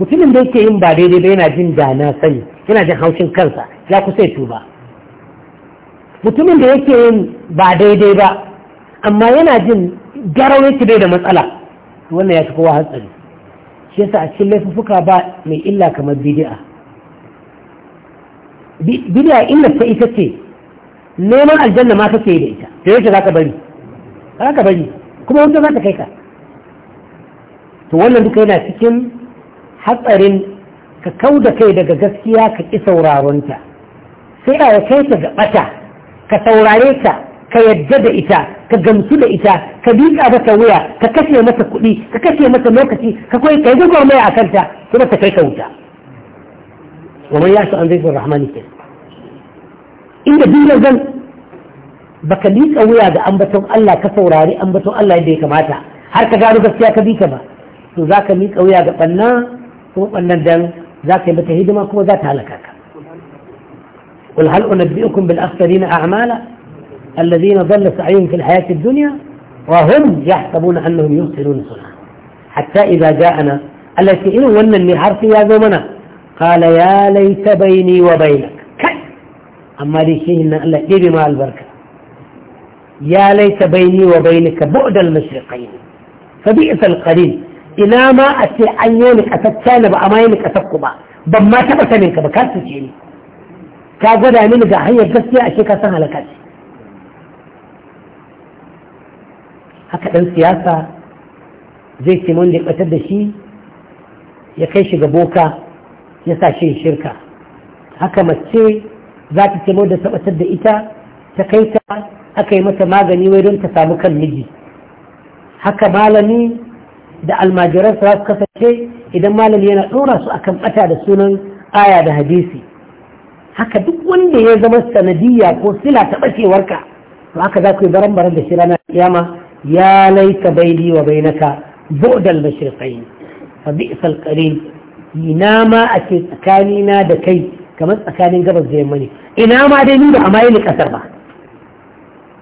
Speaker 1: mutumin da yake yin ba daidai ba yana jin da na sani yana jin haushin kansa ya kusa ya tuba mutumin da yake yin ba daidai ba amma yana jin garau yake bai da matsala wannan ya fi kowa hatsari shi yasa a cikin laifuka ba mai illa kamar bidi'a bid'a illa ta ita ce neman aljanna ma kake da ita to yace zaka bari zaka bari kuma wanda zaka kai ka to wannan duka yana cikin hatsarin ka kau da kai daga gaskiya ka ki sauraronta sai a kai ta ga ɓata ka saurare ta ka yadda da ita ka gamsu da ita ka miƙa mata wuya ka kashe mata kuɗi ka kashe mata lokaci ka ka yi gurgurmaya a kanta kuma ta kai ka wuta ومن يعش عن ذكر الرحمن كيف إن دين الزم بكليك أو يادة أن بتم الله كفوراري أن بتم الله يدي كماتا هل كجارو بسيا كبيكا ما تو ذاك ميك أو يادة بنا تو بنا دن ذاك يبتهيد ما كو ذات هلكاك قل هل أنبئكم بالأخسرين أعمالا الذين ظل سعيهم في الحياة الدنيا وهم يحسبون أنهم يحسنون صنعا حتى إذا جاءنا التي إنه ونني حرفي يا زومنا قال يا ليت بيني وبينك كي أما دي شيء إن الله يبي مع البركة يا ليت بيني وبينك بعد المشرقين فبئس القليل إلى ما أتي عيونك أتتشان بأماينك أتقبا بما تبت منك بكات تجيني كاقود أمينك هي الجسية أشيكا سهلة كاتي haka ɗan siyasa zai ce mun da da shi ya kai shi ga boka ya sa shi shirka haka mace za ta ce da tabbatar da ita ta kai ta aka yi mata magani wai don ta samu kan miji haka malami da almajiran su su kasance idan malami yana ɗora su akan bata da sunan aya da hadisi haka duk wanda ya zama sanadiyya ko sila ta ɓacewarka to haka za ku yi baran baran da shi ranar kiyama ya laita baili wa bainaka bu'dal mashriqain fa bi'sal qarin ina ma ake tsakanina da kai kamar tsakanin gabas da yamma ne ina ma dai ni ba a mayi ni kasar ba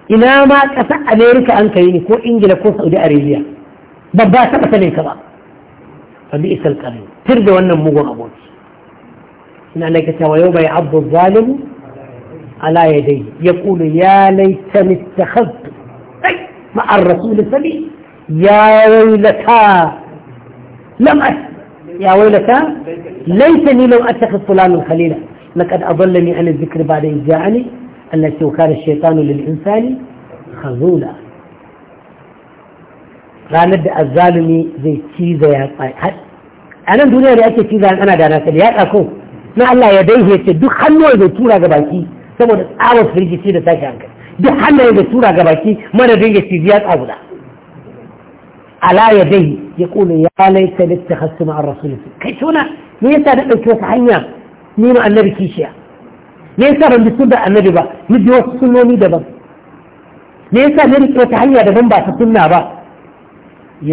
Speaker 1: ina ma kasar amerika an kai ni ko ingila ko saudi arabia babba taɓa sanin ka ba fa bi isal qarin tir da wannan mugun aboki ina nake cewa yau bai abdu zalim ala yadai yaqulu ya laitani ittakhadtu مع الرسول السبيل يا ويلتا لم أت يا ويلتا ليتني لم أتخذ فلان خليلا لقد أضلني عن الذكر بعد إذ جاءني التي وكان الشيطان للإنسان خذولا ranar da azzalumi zai ciza ya tsaye a nan duniya da ake ciza ana da nasa da ko, na Allah ya daihe ce duk hannuwa da tura ga baki saboda tsawon firgici da tashi hankali duk hannuwa da tura ga baki mana dinga cizi ya tsaguda على يديه يقول يا ليت اتخذت مع الرسول كي تنا ليس نبت وسحنيا نين النبي كيشيا ليس رمضت بقى النبي بقى ندي وسنوني دبا ليس نبت وسحنيا دبا بقى سنة بقى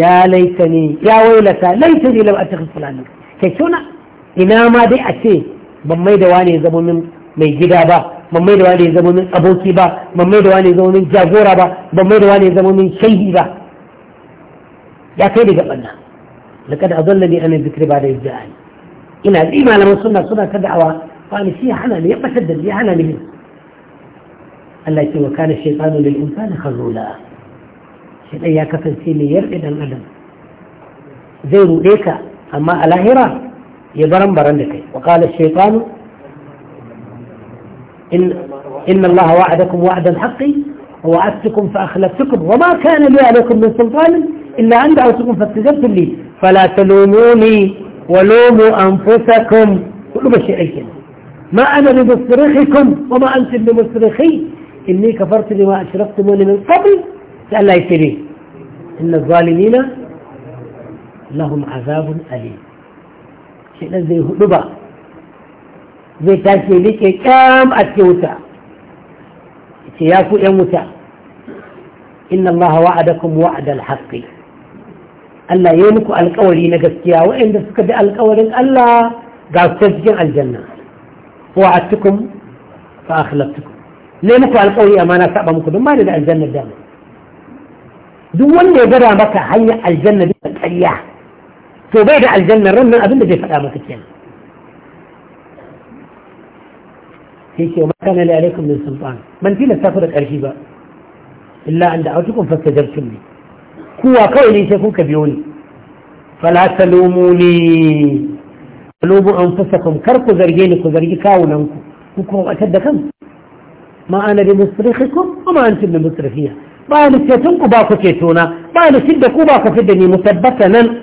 Speaker 1: يا ليتني يا ويلتا ليتني لم اتخذ فلانا كي تنا ina ma dai a ce ban mai da wani zama min mai gida ba ban mai da wani zama min aboki ba ban mai da wani zama min jagora ba ban mai da wani zama min shaihi ba يا كيدي قبلنا لقد أضلني أن الذكر بعد إذ جاءني إن الإيمان من سنة سنة كدعوة قال شيء حناني يبقى شدد لي حناني منه الله يقول الشيطان للإنسان خذولا شيطان يا كفن سيني يرعد الأدم زين إيكا أما ألاهرة يضرم برنك وقال الشيطان إن, إن الله وعدكم وعدا حقي ووعدتكم فأخلفتكم وما كان لي عليكم من سلطان إلا عند أوسكم فاتجبت لي فلا تلوموني ولوموا أنفسكم كل أي كده ما أنا بمصرخكم وما أنت بمصرخي إني كفرت بما أشرفتموني من قبل سأل لا يسيري إن الظالمين لهم عذاب أليم شيء زي هدبة زي tashi ne كام kyam a cikin wuta ce ya ku Allah ya yi muku alkawari na gaskiya waɗanda suka bi alkawarin Allah ga su cikin aljanna wa atukum fa akhlaftukum ne muku alkawari amma na saba muku don ba da aljanna dama duk wanda ya gada maka hanya aljanna bisa ƙarya to bai da aljanna ran nan abin bai faɗa maka kenan sai ce ma kana alaikum min sultan ban tilasta ku da ƙarfi ba illa an da'atukum fastajabtum li kuwa kawai ne sai kuka biyo ni fala talumuni talumu anfusakum kar ku zarge ni ku zargi kawunan ku ku kuma da kan ma ana da musrikhikum wa ma antum bi musrikhiya ba ni ceton ku ba ku ceto na ba ni da ku ba ku fidda ni mutabbata nan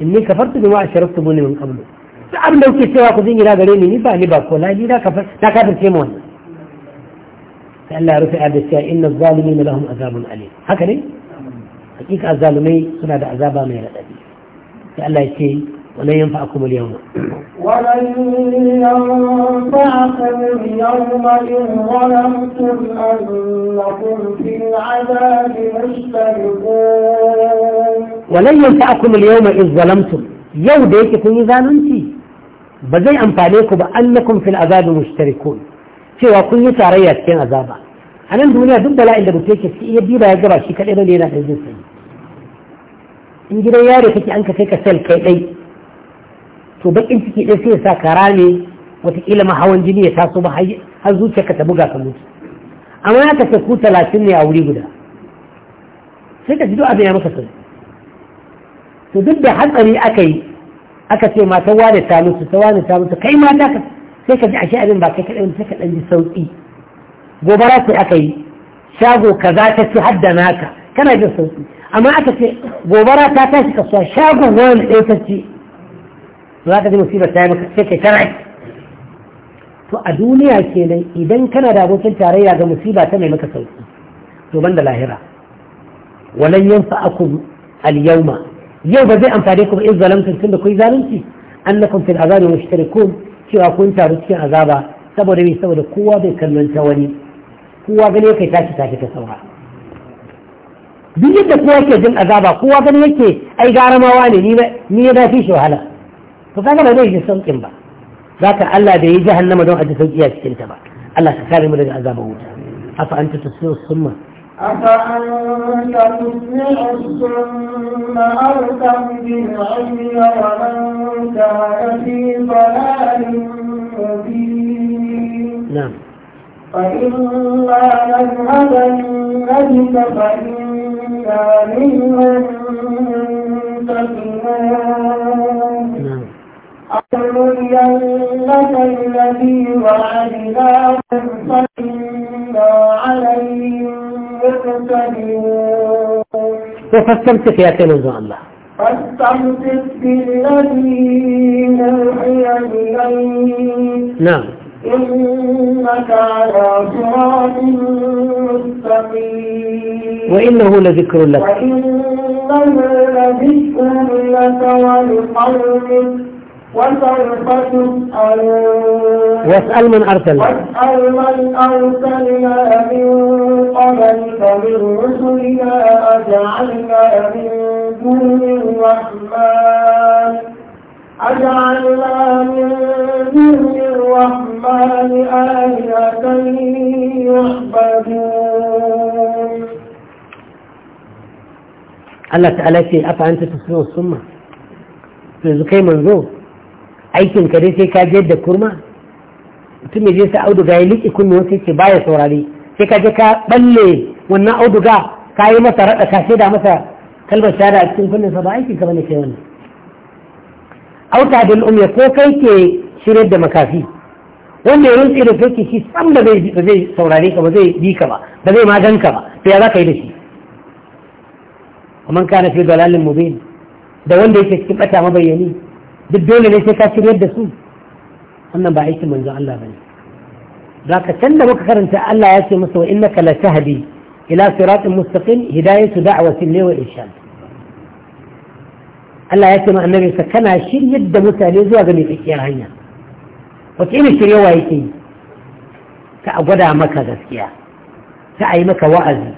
Speaker 1: inni kafartu ma asharaftu bani min qablu sai abin da kuke cewa ku jin gare ni ni ba ni ba ko la ni na kafar na ce mu wannan فألا رفع بالسيا إن الظالمين لهم عذاب أليم هكذا حقيقة الظالمين سنة عذابا من الأدب فألا يتي ولن ينفعكم اليوم
Speaker 2: ولن ينفعكم اليوم إن ظلمتم أنكم في العذاب مشتركون
Speaker 1: ولن ينفعكم اليوم إن ظلمتم يوديك في كن أنت بزي أنفعليكم بأنكم في العذاب مشتركون cewa kun yi tarayya cikin azaba a nan duniya duk bala'in da mutum yake iya diba ya gaba shi kaɗai bane yana ɗanjin jin sanyi in gidan yare kake an ka kai ka sel kai ɗai to bakin ciki ɗai sai ya sa ka rame wataƙila ma hawan jini ya taso ba har zuciya ka ta buga ka mutu amma ya tafi ku talatin ne a wuri guda sai ka ji duk abin ya maka sun to duk da hatsari aka yi aka ce mata wane ta mutu ta wane ta mutu kai mata ka sai ka ji ashe abin ba kai kaɗai sai ka ɗan ji sauƙi gobara ce aka yi shago kaza ta ci hadda naka kana jin sauƙi amma aka ce gobara ta tashi kasuwa shago wani ɗaya ta ci za ka ji musibar ta yi maka sai kai kana to a duniya kenan idan kana da abokin tarayya ga musiba ta mai maka sauƙi to ban da lahira walan yanfa'akum al-yawma yau ba zai amfane ku ba in zalamtum tunda kun zalunci annakum fil azabi mushtarikun cewa kun taru cikin azaba saboda me saboda kowa bai kallon ta wani kowa gani yake tashi tashi ta saura duk yadda kowa ke jin azaba kowa gani yake ai gara mawa ne ni ni na fi shi wahala to kaga ba zai ji saukin ba zaka Allah da yi jahannama don a ji sauki a cikin ta ba Allah ka kare mu daga azaba wuta afa anta tusiru summa
Speaker 2: أفأنت تسمع السم أو تهدي العمي ومن كان في فإما نذهبن بك فإنا منهم منتقمون أولينك الذي وعدناهم فإنا عليهم
Speaker 1: فاستمسك يا كنوز الله
Speaker 2: فاستمسك بالذي نوحي إليك نعم إنك على صراط مستقيم وإنه لذكر لك وإنه لذكر لك ولقلبك وسوف تسألون واسأل من أرسلنا واسأل من أرسلنا من قبلك من رسلنا أجعلنا من دون الرحمن أجعلنا من دون الرحمن آلهة
Speaker 1: Allah ta'ala ce afa an ta tafiyo summa yanzu kai manzo aikin ka dai sai ka je da kurma mutum ya je sa auduga ya liƙi kunnuwan sai ce baya saurare sai ka je ka balle wannan auduga ka yi masa raɗa ka shaida masa kalmar shahada a cikin sa ba aikin ka bane kai wannan auta da al'umma ko kai ke shirar da makafi wanda ya rutsi da soki shi sam da zai saurare ka ba zai bi ka ba ba zai magan ka ba to ya za ka yi da shi amma kana fi dalalin mubin da wanda yake cikin bata mabayyani duk dole ne sai ka shirar da su wannan ba aikin manzon Allah bane za ka can da muka karanta Allah ya ce masa wa innaka la tahdi ila siratin mustaqim hidayatu da'wati ne wa irshad Allah ya ce ma annabi sa kana shiryar da mutane zuwa ga mai tsakiyar hanya wace irin shiryawa yake yi ta a gwada maka gaskiya ta a yi maka wa'azi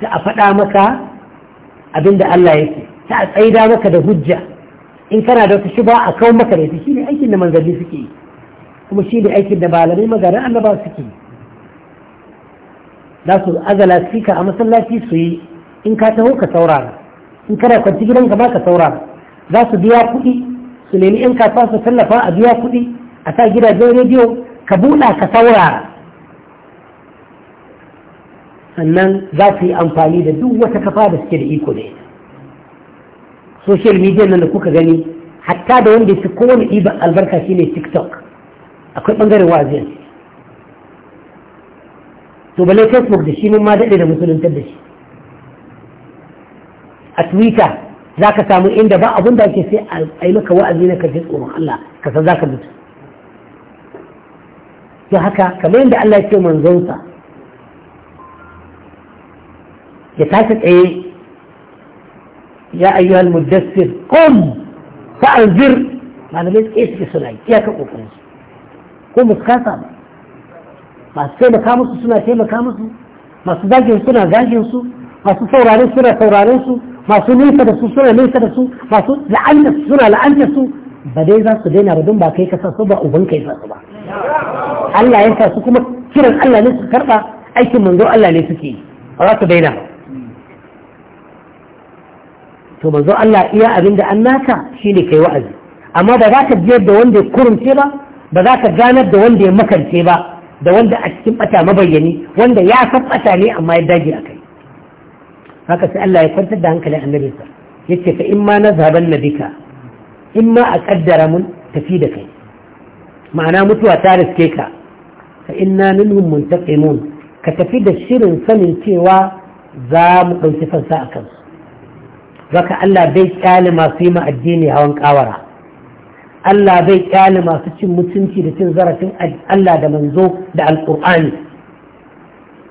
Speaker 1: ta a faɗa maka abin da Allah yake ta a tsaida maka da hujja in kana da wata shuba a kawo maka da ita shi ne aikin da manzanni suke yi kuma shi ne aikin da malamai magaran annaba suke yi za su azala sika a masallaci su yi in ka taho ka saurara in kana kwanci ka ba ka saurara za su biya kuɗi su nemi 'yan kasuwa su tallafa a biya kuɗi a sa gidajen rediyo ka buɗa ka saurara sannan za su yi amfani da duk wata kafa da suke da iko da social media nan da kuka gani hatta da wanda su kowane ɗiban albarka shine tiktok akwai ɓangaren wa'azin to balai facebook da shi ma daɗe da musuluntar da shi a twitter za ka samu inda ba abin da ake sai a yi maka wa'azi na karfi tsoron Allah ka san za ka mutu to haka kamar yadda Allah ya ce manzonsa ya tashi tsaye ya ayyuhal muddassir qum fa anzir malamai tsaye suke suna yi ka kokarin su ko musu kasa ba masu taimaka musu suna taimaka musu masu zagin suna zagin su masu sauraron suna sauraron su masu nesa da su suna nesa da su masu la'anta suna la'anta su ba dai za su daina ba don ba kai ka su ba uban kai sa su ba Allah ya sa su kuma kiran Allah ne su karba aikin manzo Allah ne suke yi ba za su daina to manzo Allah iya abin da an naka shine kai wa'azi amma da za ka biyar da wanda ya kurunce ba ba za ka ganar da wanda ya makance ba da wanda a cikin bata mabayyani wanda ya san bata ne amma ya dage a kai haka sai Allah ya kwantar da hankalin annabinsa ya ce fa in ma na zaben na bika in ma a kaddara mun tafi da kai ma'ana mutuwa ta riske ka fa inna minhum muntaqimun ka tafi da shirin sanin cewa za mu ɗauki fansa a kansu zaka Allah bai kyale masu yi ma addini hawan kawara Allah bai kyale masu cin mutunci da cin zarafin Allah da manzo da alƙur'ani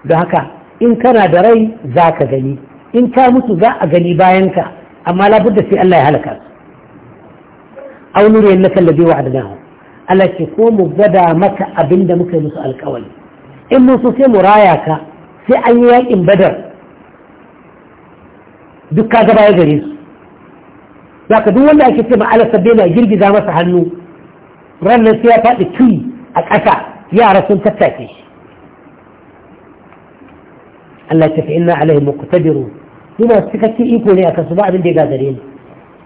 Speaker 1: da haka in kana da rai za ka gani in ka mutu za a gani ka amma da sai Allah ya halaka su aw nuriyan laka alladhi Allah ce ko mu gada maka abinda muka yi musu alƙawari in mun so sai mu raya ka sai an yi yakin badar duk ka gaba ya gare su zaka duk wanda ake ce ma'ala sabbe na girgiza masa hannu rannan sai ya faɗi tuli a ƙasa yara sun tattake shi Allah ta fi inna alaihi muqtadirun su masu cikakken iko ne a kasu ba abin da ya gagare ni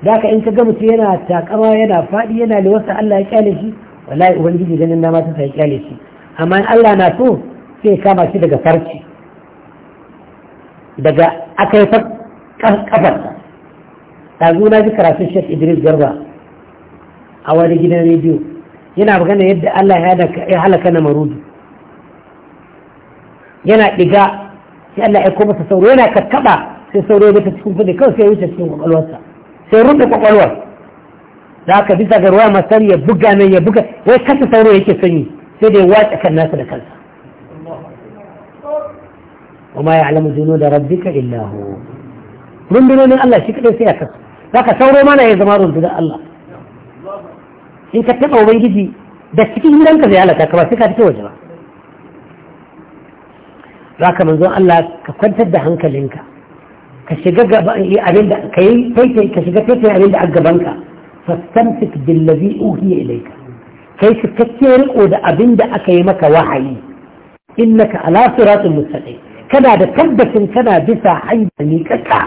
Speaker 1: da haka in ka ga mutum yana takama yana faɗi yana da wasu Allah ya kyale shi wallahi ubangiji ganin na mata sai kyale shi amma in Allah na so sai ya kama shi daga farci daga aka yi fa kafar ɗazu na ji karatun Sheikh Idris Garba a wani gidan rediyo yana magana yadda Allah ya halaka na marudu yana ɗiga sai Allah ya koma sa sauro yana kakkaɓa sai sauro da cikin kuɗi kawai sai wuce cikin kwakwalwarsa sai rufe kwakwalwar da aka bisa ga ruwa masar ya buga nan ya buga wai kasa sauro yake sanyi sai da ya watsa kan nasa da kansa وما يعلم جنود ربك rundunonin Allah shi kadai sai شيء كده سياسة ذاك ثورة ما ya zama rundunar Allah in ka أو بيجي da cikin gidanka zai halaka ka ba sai ka fito waje ba za ka manzo Allah ka kwantar da hankalinka ka shiga abin da ka yi taitai ka shiga taitai abin da a gabanka fastamsik billazi uhiya ilaika kai shi kake riko da abin da aka yi maka wahayi innaka ala siratul mustaqim kana da tabbacin kana bisa hanyar miƙaƙa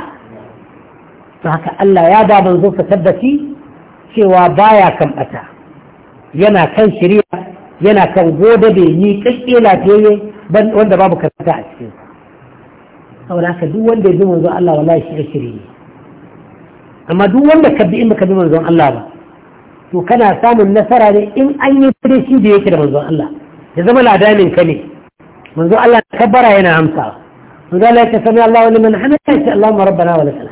Speaker 1: to haka Allah ya daman manzo ka tabbaci cewa baya kan yana kan shari'a yana kan godabe ni kakke lafiyayye wanda babu karanta a cikin saboda haka duk wanda ya bi manzon Allah wallahi shi ashiri ne amma duk wanda ka bi in baka bi manzon Allah ba to kana samun nasara ne in an yi da shi da yake da manzon Allah ya zama ladanin ka ne manzon Allah kabbara yana amsa manzon Allah ya sami Allah wani man hana ya ce Allahumma rabbana wa lakal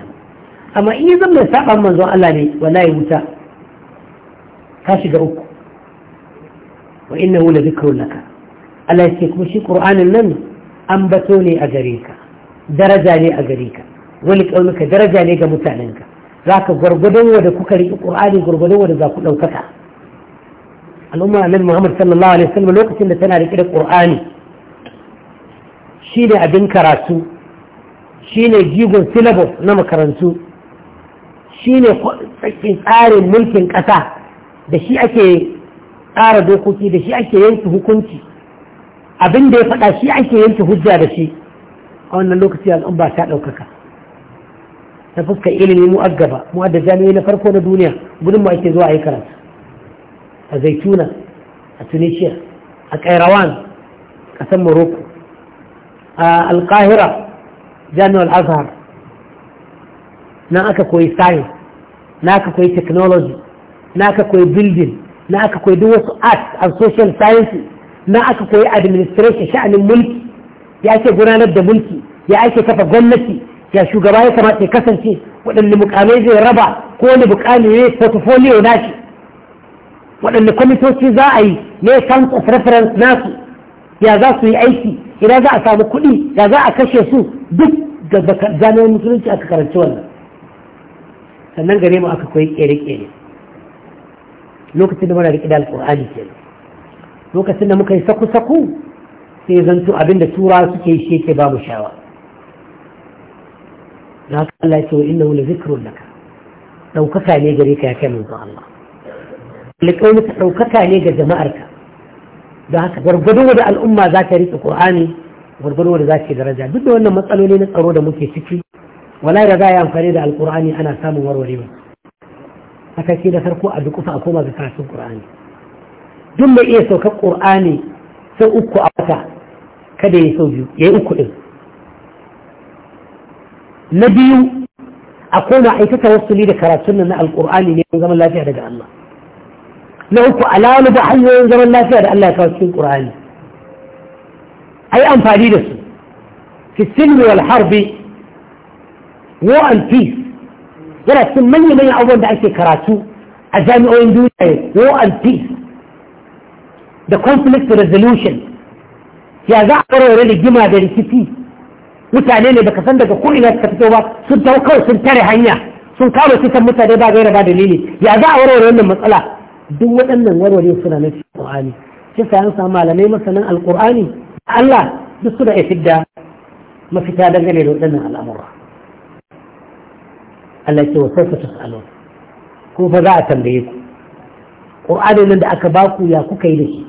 Speaker 1: amma in zan mai saban manzon Allah ne wallahi wuta ka shiga uku wa innahu la dhikrun laka Allah ya ce kuma shi Qur'anin nan an bato ne a gare ka daraja ne a gare ka wani ƙaunuka daraja ne ga mutanenka za ka gwargwadon wadda kuka riƙi ƙur'ani gwargwadon wadda za ku ɗaukaka al'umma annabi muhammad sallallahu alaihi wasallam lokacin da tana riƙe da ƙur'ani shine abin karatu shine jigon syllabus na makarantu shine tsakin tsarin mulkin ƙasa da shi ake tsara dokoki da shi ake yanke hukunci abin da ya faɗa shi ake yanke hujja da shi أنا أن اللوكة تيال أمبا سألوككا تفوكا إليني مؤقبة مؤدى زانوين فرقونا دونيا بدون ما اتزوا أي كرام الزيتونة التونيشية الكيروان أسمى روكو القاهرة جانو الأظهر ناكا كوي ساين ناكا كوي تكنولوجي ناكا كوي بيلدين ناكا كوي دوسو ya ake gudanar da mulki ya ake kafa gwamnati ya shugaba ya kamata ya kasance waɗanne mukamai zai raba ko wani mukami ne portfolio nashi waɗanne kwamitoci za a yi ne terms of reference nasu ya za su yi aiki ina za a samu kuɗi ya za a kashe su duk da jami'an musulunci aka karanci wannan sannan gare mu aka koyi kere-kere lokacin da muna da alƙur'ani ke lokacin da muka yi saku-saku sai zanto abinda tura suke yi shi ke babu shawa na ka Allah ce wa inna wula zikirun laka ɗaukaka ne gare ka ya kai manzo Allah alƙaunuka ɗaukaka ne ga jama'arka da haka gwargwado da al'umma za ta riƙe ƙur'ani gwargwado da za ta daraja duk da wannan matsaloli na tsaro da muke ciki wala da za a yi amfani da alƙur'ani ana samun warwarewa haka ce da farko a dukufa a koma ga karatun ƙur'ani duk mai iya saukar ƙur'ani sai uku a wata kada ya sau biyu ya yi uku ɗin na biyu akwai na aikata wasuli da karatun nan na alƙur'ani ne zaman lafiya daga Allah na uku alamu da hanyoyin zaman lafiya da Allah ya kawo cikin ƙur'ani a yi amfani da su fi silmi wal harbi war and peace yana cikin manyan manyan abubuwan da ake karatu a jami'o'in duniya war and peace the conflict resolution ya za a ƙarore rigima da rikici mutane ne baka san daga ko'ina suka fito ba sun tau kawai sun tare hanya sun kama cikin mutane ba gaira ba dalili ya za a warware wannan matsala duk waɗannan warware suna na cikin ƙwani shi sa an samu malamai masanan alƙur'ani Allah duk suna ya fidda mafita dangane da waɗannan al'amura Allah ke wa sarfa tas'alun ko fa za a tambaye ku ƙur'ani nan da aka baku ya kuka yi da shi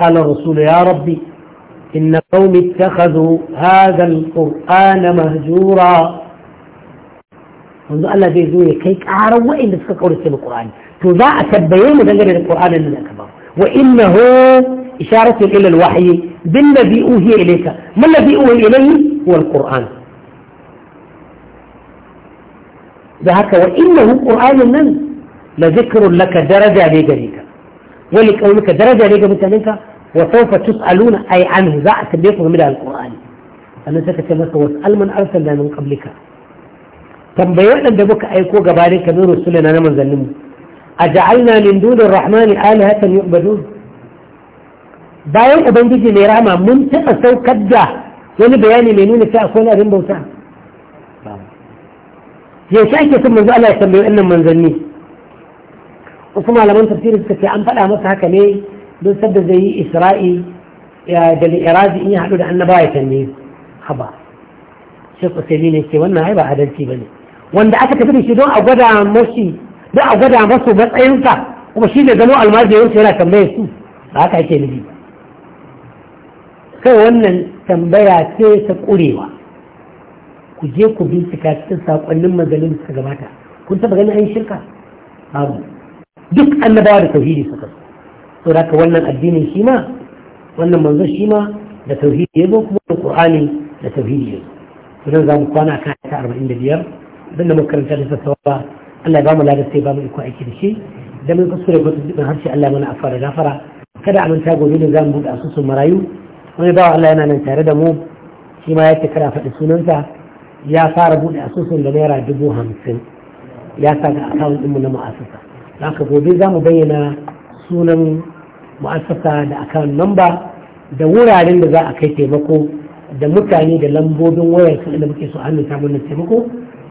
Speaker 1: قال الرسول يا ربي إن قوم اتخذوا هذا القرآن مهجورا منذ ألا بيزوية كيك أعروا وإن تسكروا لسيب القرآن تضاء سبيين مدنجر القرآن لنا أكبر وإنه إشارة إلى الوحي بالذي أوهي إليك ما الذي أوهي إليه هو القرآن ذهك وإنه قرآن من لذكر لك درجة لك ولك أولك درجة لك مثل wa sawfa tus'aluna ay anhu za a tambaye ku game da alqur'ani sannan saka ce masa was'al man arsalna min qablika tambaye waɗanda muka aiko gabanin ka min rusulina na manzannin mu aja'alna bayan ubangiji mai rama mun taɓa saukar da wani bayani mai nuna cewa akwai abin bauta yaushe ake son manzo Allah ya tambayi wannan manzanni wasu malaman tafsiri suka ce an faɗa masa haka ne don sadda zai yi isra'i da li'irazi in ya haɗu da annaba ya tanne haba shek usaimi ne ce wannan ai ba adalci ba ne wanda aka tafi da shi don a gwada mashi don a gwada masu matsayinsa kuma shi ne gano almajirin su yana tambaye su ba haka yake nufi kai wannan tambaya ce ta ƙurewa ku je ku bincika cikin saƙonnin mazalin suka gabata kun taɓa ganin an shirka babu duk annabawa da tauhidi suka so to da wannan addinin shi ma wannan manzo shi ma da tauhidi ya zo kuma da qur'ani da tauhidi ya zo za mu kwana kan ta 45 dan da makaranta da sassawa Allah ya ba mu ladan sai ba mu iko aiki da shi da mun kusure ko tsibin harshe Allah mana afara gafara kada a manta gobe da za mu buɗe asusun marayu wani bawa Allah yana nan tare da mu shi ma yake kada faɗi sunansa ya fara buɗe asusun da naira dubu hamsin ya sa ga akawun ɗinmu na ma'asusa. aka gobe za mu bayyana sunan ma'asasa da account number da wuraren da za a kai taimako da mutane da lambobin wayar su da muke so a hannun samun nan taimako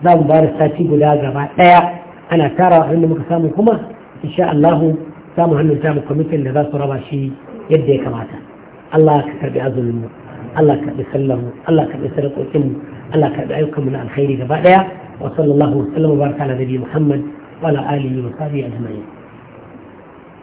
Speaker 1: za mu bada sati guda gaba daya ana tara abin da muka samu kuma insha Allah za mu hannun samu kwamitin da za su raba shi yadda ya kamata Allah ka karbi azumin mu Allah ka karbi sallar Allah ka karbi sadakokin mu Allah ka karbi ayyukan mu na alkhairi gaba daya wa sallallahu wa sallam baraka ala nabiyyi Muhammad wa ala alihi wa sahbihi ajma'in